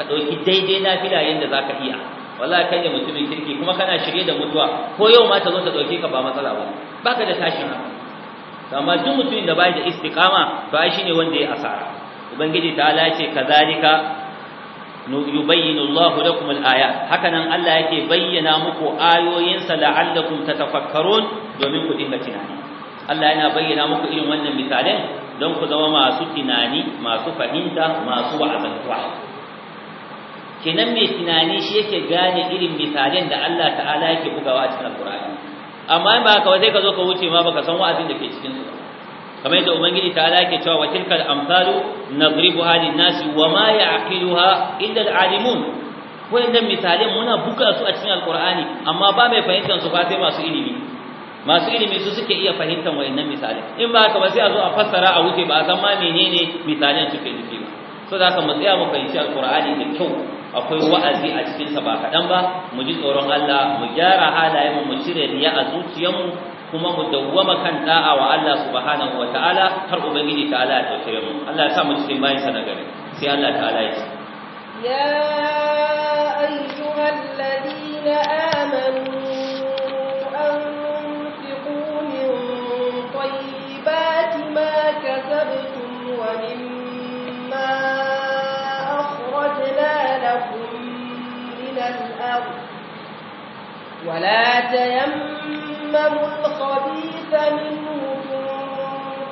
[SPEAKER 1] ka ɗauki daidai yadda za ka iya wallahi kai da mutumin kirki kuma kana shirye da mutuwa ko yau ma ta zo ta ɗauke ka ba matsala ba baka da tashin hankali amma duk mutumin da bai da istiqama to ai shine wanda ya asara ubangiji ta ala ce kazalika yubayyinu Allah lakum al-ayat hakanan Allah yake bayyana muku ayoyinsa la'allakum tatafakkarun domin ku dinga tunani Allah yana bayyana muku irin wannan misalan don ku zama masu tunani masu fahimta masu wa'azantuwa kenan mai tunani shi yake gane irin misalan da Allah ta'ala yake bugawa a cikin amma in ba haka sai ka zo ka wuce ma baka san wa'azin da ke cikin su kamar yadda ubangiji ta ala cewa wa tilkal amsalu nadribu lin nasi wa ma ya'qiluha illa al-alimun Ko inda misalin muna buka su a cikin alqur'ani amma ba mai fahimtar su ba sai masu ilimi masu ilimi su suke iya fahimtar wayannan misalin. in ba ka ba sai a zo a fassara a wuce ba a san ma menene misalan suke nufi ba so da haka mu tsaya mu fahimci alqur'ani da kyau akwai wa'azi a cikin sa ba kaɗan ba mu ji tsoron Allah mu gyara halayen mu cire riya a zuciyarmu kuma mu dawwama kan da'a wa Allah subhanahu wa ta'ala har ubangiji ta'ala ya tausaye mu Allah ya sa mu cikin bayin sa nagari sai Allah ta'ala ya ce
[SPEAKER 3] ya amanu ولا تيمموا الخبيث منه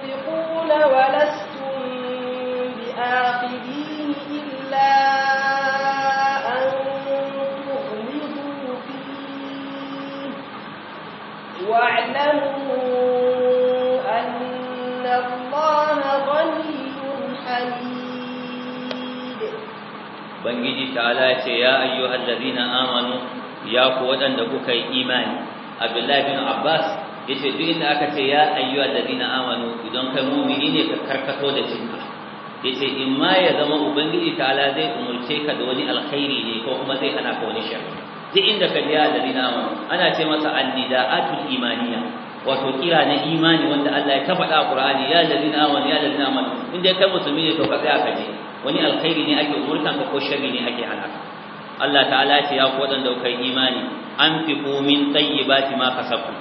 [SPEAKER 3] تنفقون ولستم بآخذيه إلا أن تغمضوا فيه واعلموا أن الله غني حميد
[SPEAKER 1] بنجي تعالى يا أيها الذين آمنوا ya ku waɗanda kuka yi imani abdullahi bin abbas yace duk inda aka ce ya ayyuhal ladina amanu idan kai mu'mini ne ka karkato da jinka yace in ma ya zama ubangiji ta Ala zai umurce ka da wani alkhairi ne ko kuma zai hana ka wani shar duk inda ka ya ladina amanu ana ce masa annida'atul imaniya wato kira na imani wanda Allah ya ta faɗa Qur'ani ya ladina amanu ya ladina amanu inda kai musulmi ne to ka tsaya ka je wani alkhairi ne ake ka ko sharri ne ake hana ka Allah ta'ala ce ya ku waɗanda kuka imani an fi min basi ma kasabu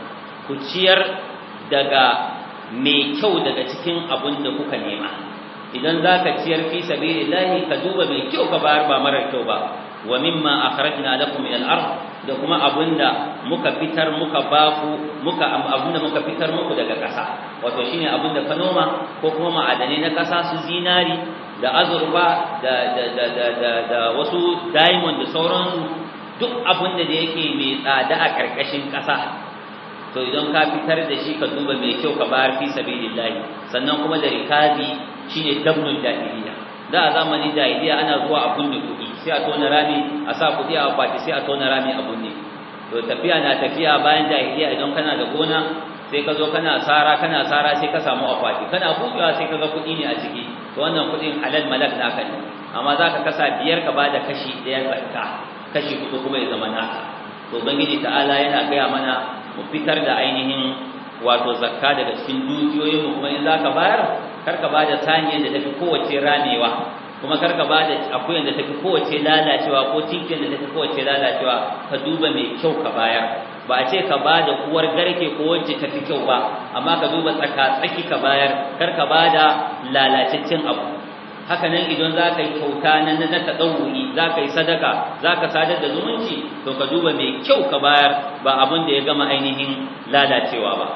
[SPEAKER 1] ku ciyar daga mai kyau daga cikin abin da kuka nema idan zaka ciyar fi sabilillahi ka duba mai kyau ka bayar ba marar kyau ba wa mimma akhrajna lakum min al-ard da kuma da muka fitar muka baku muka da muka fitar muku daga ƙasa. wato shine da ka noma ko kuma ma'adanai na ƙasa su zinari da azurba da da da da da wasu diamond da sauran duk abin da yake mai tsada a karkashin kasa to idan ka fitar da shi ka duba mai kyau ka bayar fi sabilillahi sannan kuma da rikabi shine dabnul jahiliya da a zamanin jahiliya ana zuwa a kunne kuɗi sai a tona rami a sa kuɗi a akwati sai a tona rami a kunne to tafiya na tafiya bayan jahiliya idan kana da gona sai ka zo kana tsara kana tsara sai ka samu akwati kana buɗewa sai ka ga kuɗi ne a ciki to wannan kuɗin alal malak naka ne amma za ka kasa biyar ka bada kashi ɗaya zakka kashi kuɗi kuma ya zama naka to ubangiji ta'ala yana gaya mana mu fitar da ainihin wato zakka daga cikin dukiyoyin mu kuma in za ka bayar kar ka bada saniyar da tafi kowace ramewa kuma kar ka bada akuyan da tafi kowace lalacewa ko cikin da tafi kowace lalacewa ka duba mai kyau ka bayar ba a ce ka ba da kuwar garke ko wacce ta fi kyau ba amma ka duba tsaka tsaki ka bayar kar ka ba da lalacaccen abu haka nan idan za ka yi kyauta na na ɗauri za ka yi sadaka za ka sadar da zumunci to ka duba mai kyau ka bayar ba abin da ya gama ainihin lalacewa ba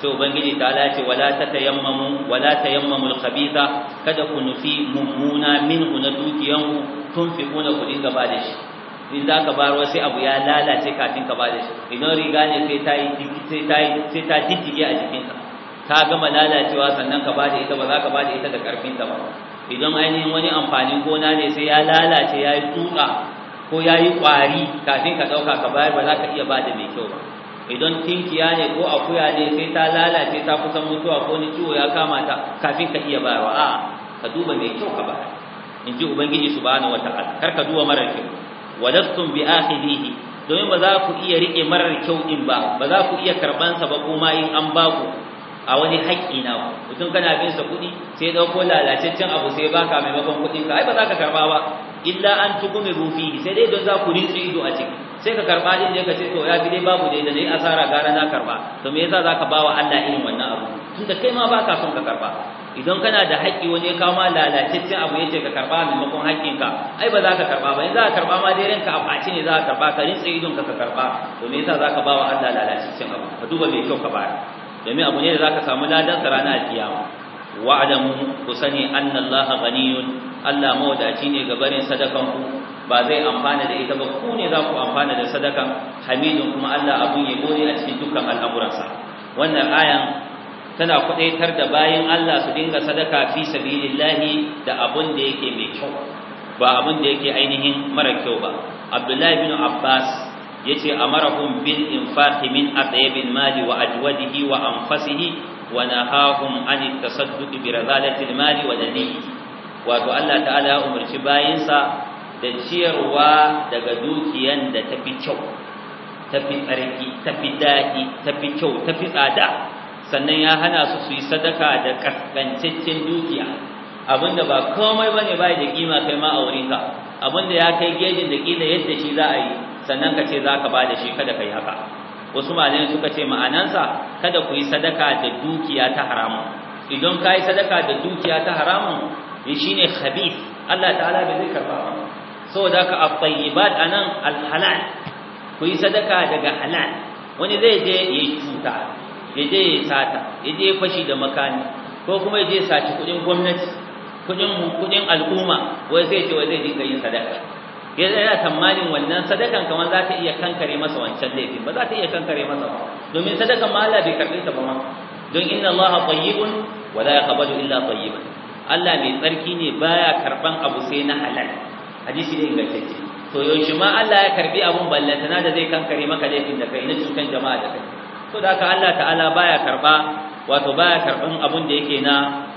[SPEAKER 1] sai ubangiji ta lace wala ta tayammamu wala tayammamul khabitha kada ku nufi mummuna minhu na dukiyanku tunfiquna ku dinga gaba da shi in za ka bar sai abu ya lalace kafin ka bada shi idan riga ne sai ta yi jijjige a jikinka ta gama lalacewa sannan ka bada ita ba za ka bada ita da karfinta ba idan ainihin wani amfanin gona ne sai ya lalace ya yi tuka ko ya yi ƙwari kafin ka ɗauka ka bayar ba za ka iya bada mai kyau ba idan tinkiya ne ko akuya ne sai ta lalace ta kusan mutuwa ko ni ciwo ya kama ta kafin ka iya bayarwa a'a ka duba mai kyau ka bayar in ji ubangiji subhanahu wataala kar ka duba marar kyau walastum bi akhidhihi domin ba za ku iya rike marar kyau din ba ba za ku iya karban sa ba kuma in an ba ku a wani haƙƙi na ku mutum kana bin sa kuɗi sai dauko lalacaccen abu sai baka maimakon kuɗin ka ai ba za ka karba ba illa an tukumi rufi sai dai don za ku rinsu ido a ciki sai ka karba din da kace to ya fi dai babu dai da dai asara gara na karba to me yasa zaka bawa Allah irin wannan abu tunda kai ma baka son ka karba idan kana da haƙƙi wani ya kawo ma lalataccen abu yace ka karba maimakon haƙƙinka ai ba za ka karba ba in za ka karba ma dai ranka a ne za ka karba ka rintse idon ka ka karba to me yasa za ka bawa Allah lalataccen abu ka duba mai kyau ka bayar domin abu ne da za ka samu ladan ka ranar alkiyama wa'adamu ku sani anna ghaniyun Allah mawadaci ne ga barin sadakan ku ba zai amfana da ita ba ku ne za ku amfana da sadakan hamidun kuma Allah abun ya ne a cikin dukkan al'amuransa wannan ayan tana kudaitar da bayan Allah su dinga sadaka fi sabilillahi da abun da yake mai kyau ba abun da yake ainihin mara kyau ba Abdullahi bin Abbas yace amarahum bil infaqi min atyabil mali wa ajwadihi wa anfasihi wa nahahum an tasadduq bi razalatil mali wa dani wato Allah ta'ala ya umarci bayansa da ciyarwa daga dukiyan da tafi kyau tafi tsarki tafi daɗi tafi kyau tafi tsada sannan ya hana su su yi sadaka da kaskancaccen dukiya abinda ba komai ba ne bai da kima kai ma a wurin ka abinda ya kai gejin da kila yadda shi za a yi sannan ka ce za ka ba da shi kada kai haka wasu malamai suka ce ma'anansa kada ku yi sadaka da dukiya ta haramun idan ka yi sadaka da dukiya ta haramun ne khabith Allah ta'ala bai zai karba ba saboda ka at-tayyibat anan alhalal ku yi sadaka daga halal wani zai je ya yi cuta yaje ya sata yaje fashi da makani ko kuma yaje saci kudin gwamnati kudin kudin al'umma wai sai ce wai zai dinga yin sadaka ya yana tamanin wannan sadakan kamar za ta iya kankare masa wancan laifin ba za ta iya kankare masa ba domin sadakan ma Allah bai karbe ta ba ma don inna Allah tayyibun wa la yaqbalu illa tayyiban Allah mai tsarki ne baya karban abu sai na halal hadisi ne ingantacce to yaushe ma Allah ya karbi abun ballantana da zai kankare maka laifin da kai na cikin jama'a da kai so da haka Allah ta'ala baya karba wato baya karban abun da yake na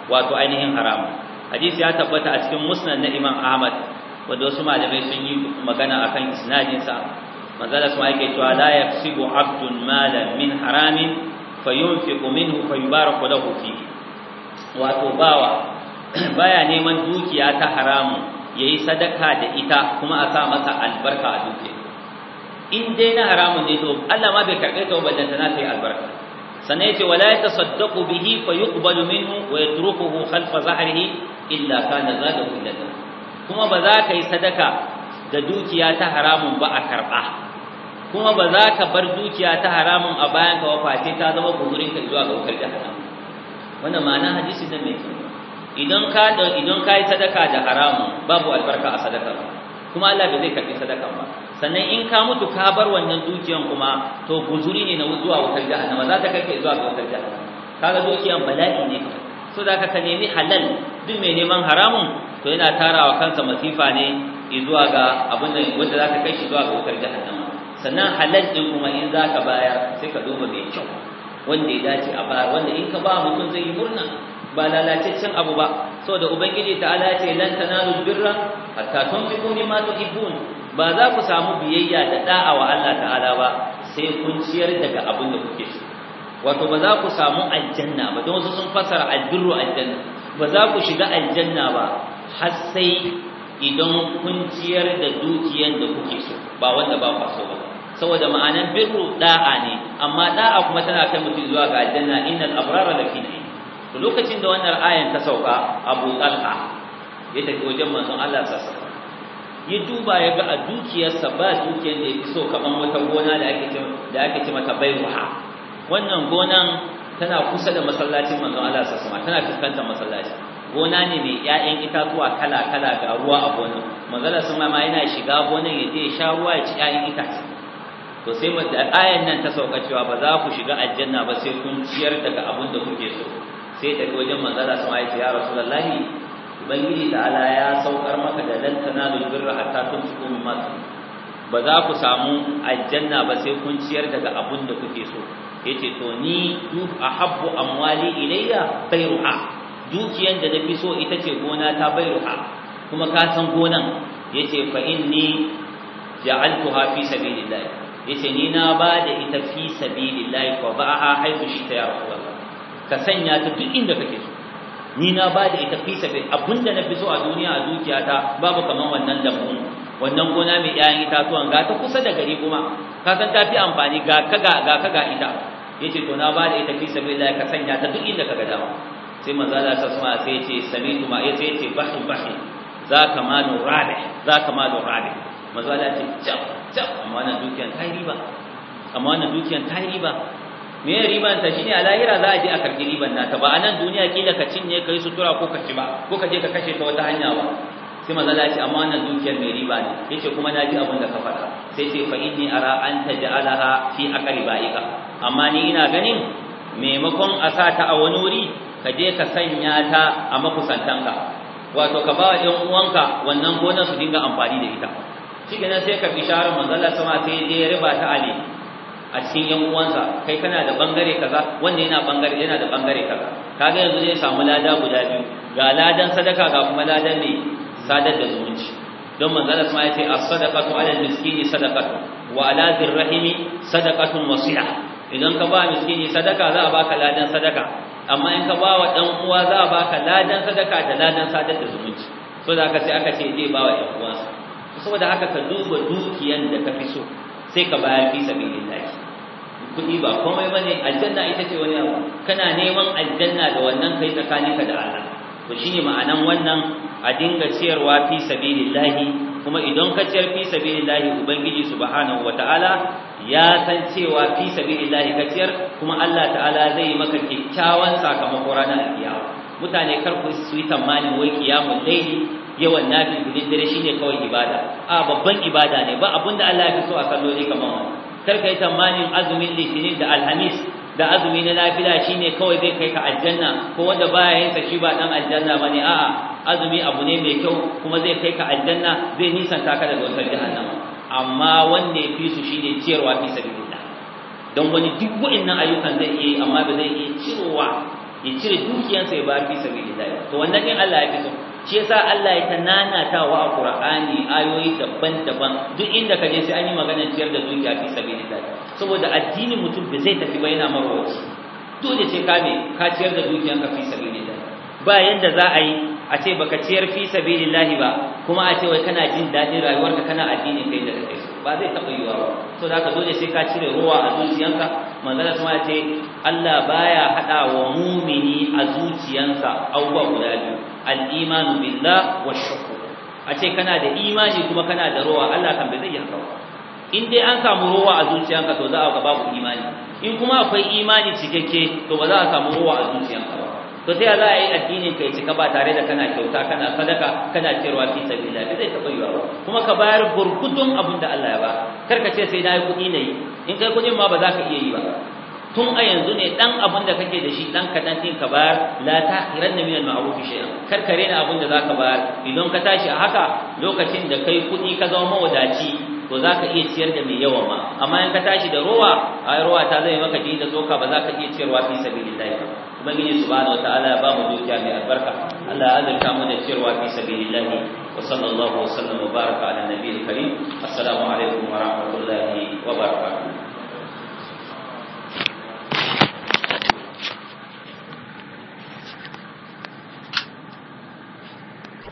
[SPEAKER 1] wato ainihin haram hadisi ya tabbata a cikin musnad na Imam Ahmad wanda wasu malamai sun yi magana akan isnadin sa manzala sun ake cewa la yafsibu abdun malan min haramin fayunfiqu minhu fayubaraku lahu fi wato bawa baya neman dukiya ta haramu yayi sadaka da ita kuma a sa masa albarka a dukiya in dai na haramun ne to Allah ma bai karbe ta ballanta na sai albarka sannan yace wala yatasaddaqu bihi fa yuqbalu minhu wa yatrukuhu khalfa zahrihi illa kana zadahu illatan kuma ba za ka yi sadaka da dukiya ta haramun ba a karba kuma ba za ka bar dukiya ta haramun a bayan ka waface ta zama gurin ka zuwa ga wutar jahannam wannan ma'ana hadisi ne mai idan ka idan ka yi sadaka da haramun babu albarka a sadaka kuma Allah bai zai karbi sadakan ba sannan in ka mutu ka bar wannan dukiyan kuma to guzuri ne na zuwa wutar jahannama za ta kai zuwa ga wutar jahannama kaga dukiyan bala'i ne so da ka nemi halal duk mai neman haramun to yana tarawa kansa masifa ne zuwa ga abin da wanda za ka kai shi zuwa ga wutar jahannama sannan halal din kuma in za ka bayar sai ka duba mai kyau wanda ya dace a bayar wanda in ka ba mutum zai yi murna ba lalacaccen abu ba saboda ubangiji ta'ala ce lan tanalu birra hatta tunfiqu mimma tuhibbun ba za ku samu biyayya da da'a wa Allah ta'ala ba sai kun ciyar daga abin da kuke so. wato ba za ku samu aljanna ba don wasu sun fasara albirru aljanna ba za ku shiga aljanna ba har sai idan kun ciyar da dukiyar da kuke so ba wanda ba ku so ba saboda ma'anan birru da'a ne amma da'a kuma tana kai mutum zuwa ga aljanna innal abrara lafi na'im lokacin da wannan ayan ta sauka Abu Talha ya tafi wajen manzon Allah sallallahu alaihi wasallam ya duba ya ga a dukiyarsa ba dukiyar da ya fi so kamar wata gona da ake ce mata bai ruha wannan gonan tana kusa da masallacin manzon Allah sallallahu tana fuskantar masallaci gona ne mai ƴaƴan itatuwa kala kala ga ruwa a gonan manzon sun ma yana shiga gonan ya je sha ruwa ya ci ƴaƴan itatuwa to sai da ayan nan ta sauka cewa ba za ku shiga aljanna ba sai kun ciyar daga abin da kuke so sai daga wajen manzon Allah sun ya ce ya rasulullahi ubangiji ta'ala ya saukar maka da lan tanalul birra hatta tunfiqu mimma ba za ku samu aljanna ba sai kun ciyar daga abun da kuke so yace to ni duk ahabbu amwali ilayya bayruha dukiyan da nafi so ita ce gona ta bayruha kuma ka san gonan yace fa inni ja'altuha fi sabilillah yace ni na ba da ita fi sabilillah fa ba'aha haythu shita ya rasulullah ka sanya ta duk inda kake so ni na ba da ita fisa sabil abinda na fi so a duniya a dukiyata babu kaman wannan dabbun wannan gona mai ɗayan itatuwan ga ta kusa da gari kuma ka san ta fi amfani ga kaga ga kaga ita yace to na ba da ita bin Allah ka sanya ta duk inda kaga dama sai manzo Allah sa suma sai yace samitu ma yace yace bahi bahi za ka malu rabi za ka do rabi manzo Allah ce cap cap amma wannan dukiyan ta riba amma wannan dukiyan ta riba me ya riban ta shine a lahira za a je a karbi riban ta ba anan nan duniya kila ka cinye ka sutura ko ka ci ba ko ka je ka kashe ta wata hanya ba sai maza ya ce amma wannan dukiyar mai riba ne yace kuma na ji abin da ka faɗa sai ce fa inni ara an ja'alaha fi aqribaika amma ni ina ganin maimakon a sa ta a wani wuri ka je ka sanya ta a makusantanka wato ka ba wa ɗan uwanka wannan gonar su dinga amfani da ita shi sai ka fi sharar manzala sama sai je riba ta ali a cikin yan uwansa kai kana da bangare kaza wanda yana bangare yana da bangare kaza kaga yanzu zai samu lada guda biyu ga ladan sadaka ga kuma ladan ne sadar da zumunci don manzala kuma ya ce as-sadaqatu 'ala al-miskini sadaqatu wa 'ala dhir-rahimi sadaqatu wasi'a idan ka ba miskini sadaka za a baka ladan sadaka amma in ka ba wa dan uwa za a baka ladan sadaka da ladan sadar da zumunci so da ka sai aka ce zai ba wa yan uwansa saboda haka ka duba dukiyan da ka fi so sai ka bayar fi sabilillah kuɗi ba komai bane aljanna ita ce wani abu kana neman aljanna da wannan kai tsakaninka da Allah to shine ma'anan wannan a dinga ciyarwa fi sabilillahi kuma idan ka ciyar fi sabilillahi ubangiji subhanahu wataala ya san cewa fi sabilillahi ka ciyar kuma Allah ta'ala zai maka kyakkyawan sakamako ranar kiyama mutane kar ku su yi tamanin wai kiyamu laili yawan nafil dare shine kawai ibada a babban ibada ne ba abinda Allah ya fi so a kallo ne kamar wannan kar kai tamanin azumin litinin da alhamis da azumi na lafiya shine kawai zai kai ka aljanna ko wanda baya yin sa shi ba dan aljanna bane a'a azumi abu ne mai kyau kuma zai kai ka aljanna zai nisanta ka da wutar jahannama amma wanne ya fi su shine ciyarwa fi sabilillah don wani duk wa'annan ayyukan zai iya amma ba zai iya ciyarwa ya cire dukiyansa ya ba fi sabilillah to wannan in Allah ya fi so shi yasa Allah ya tanana ta wa Qur'ani ayoyi daban-daban duk inda ka je sai an yi magana ciyar da zuciya fi sabilillah saboda addinin mutum bai zai tafi ba yana marwaci dole sai ka me ka ciyar da ka fi sabilillah ba yanda za a yi a ce baka ciyar fi sabilillah ba kuma a ce wai kana jin daɗin rayuwarka kana addini kai da kai ba zai taɓa yiwa ba to da ka dole sai ka cire ruwa a zuciyanka manzala kuma ya ce Allah baya hada wa mumini a zuciyansa abubuwa guda biyu al-imanu wa shukr a ce kana da imani kuma kana da rowa Allah kan bai zai haka in dai an samu rowa a zuciyanka to za a ga babu imani in kuma akwai imani cikakke to ba za a samu rowa a zuciyanka ba to sai za a yi addinin kai cika ba tare da kana kyauta kana sadaka kana cewa fi sabilillah bai zai taba yiwa ba kuma ka bayar burkutun abin da Allah ya ba kar ka ce sai na yi kuɗi na yi in kai kuɗin ma ba za ka iya yi ba tun a yanzu ne dan abin da kake da shi dan kadan din ka bayar la tahiranna min al-ma'ruf shay'an kar kare na abin da zaka bayar idan ka tashi a haka lokacin da kai kuɗi ka zama mawadaci to zaka iya ciyar da mai yawa ma amma in ka tashi da rowa ai rowa ta zai maka jini da soka ba zaka iya ciyarwa fi sabilillah ba ubangiji subhanahu wa ta'ala ba mu dukiya mai albarka Allah ya azurta mu da ciyarwa fi sabilillah wa sallallahu wa sallam wa baraka ala nabiyil karim assalamu alaikum wa rahmatullahi wa barakatuh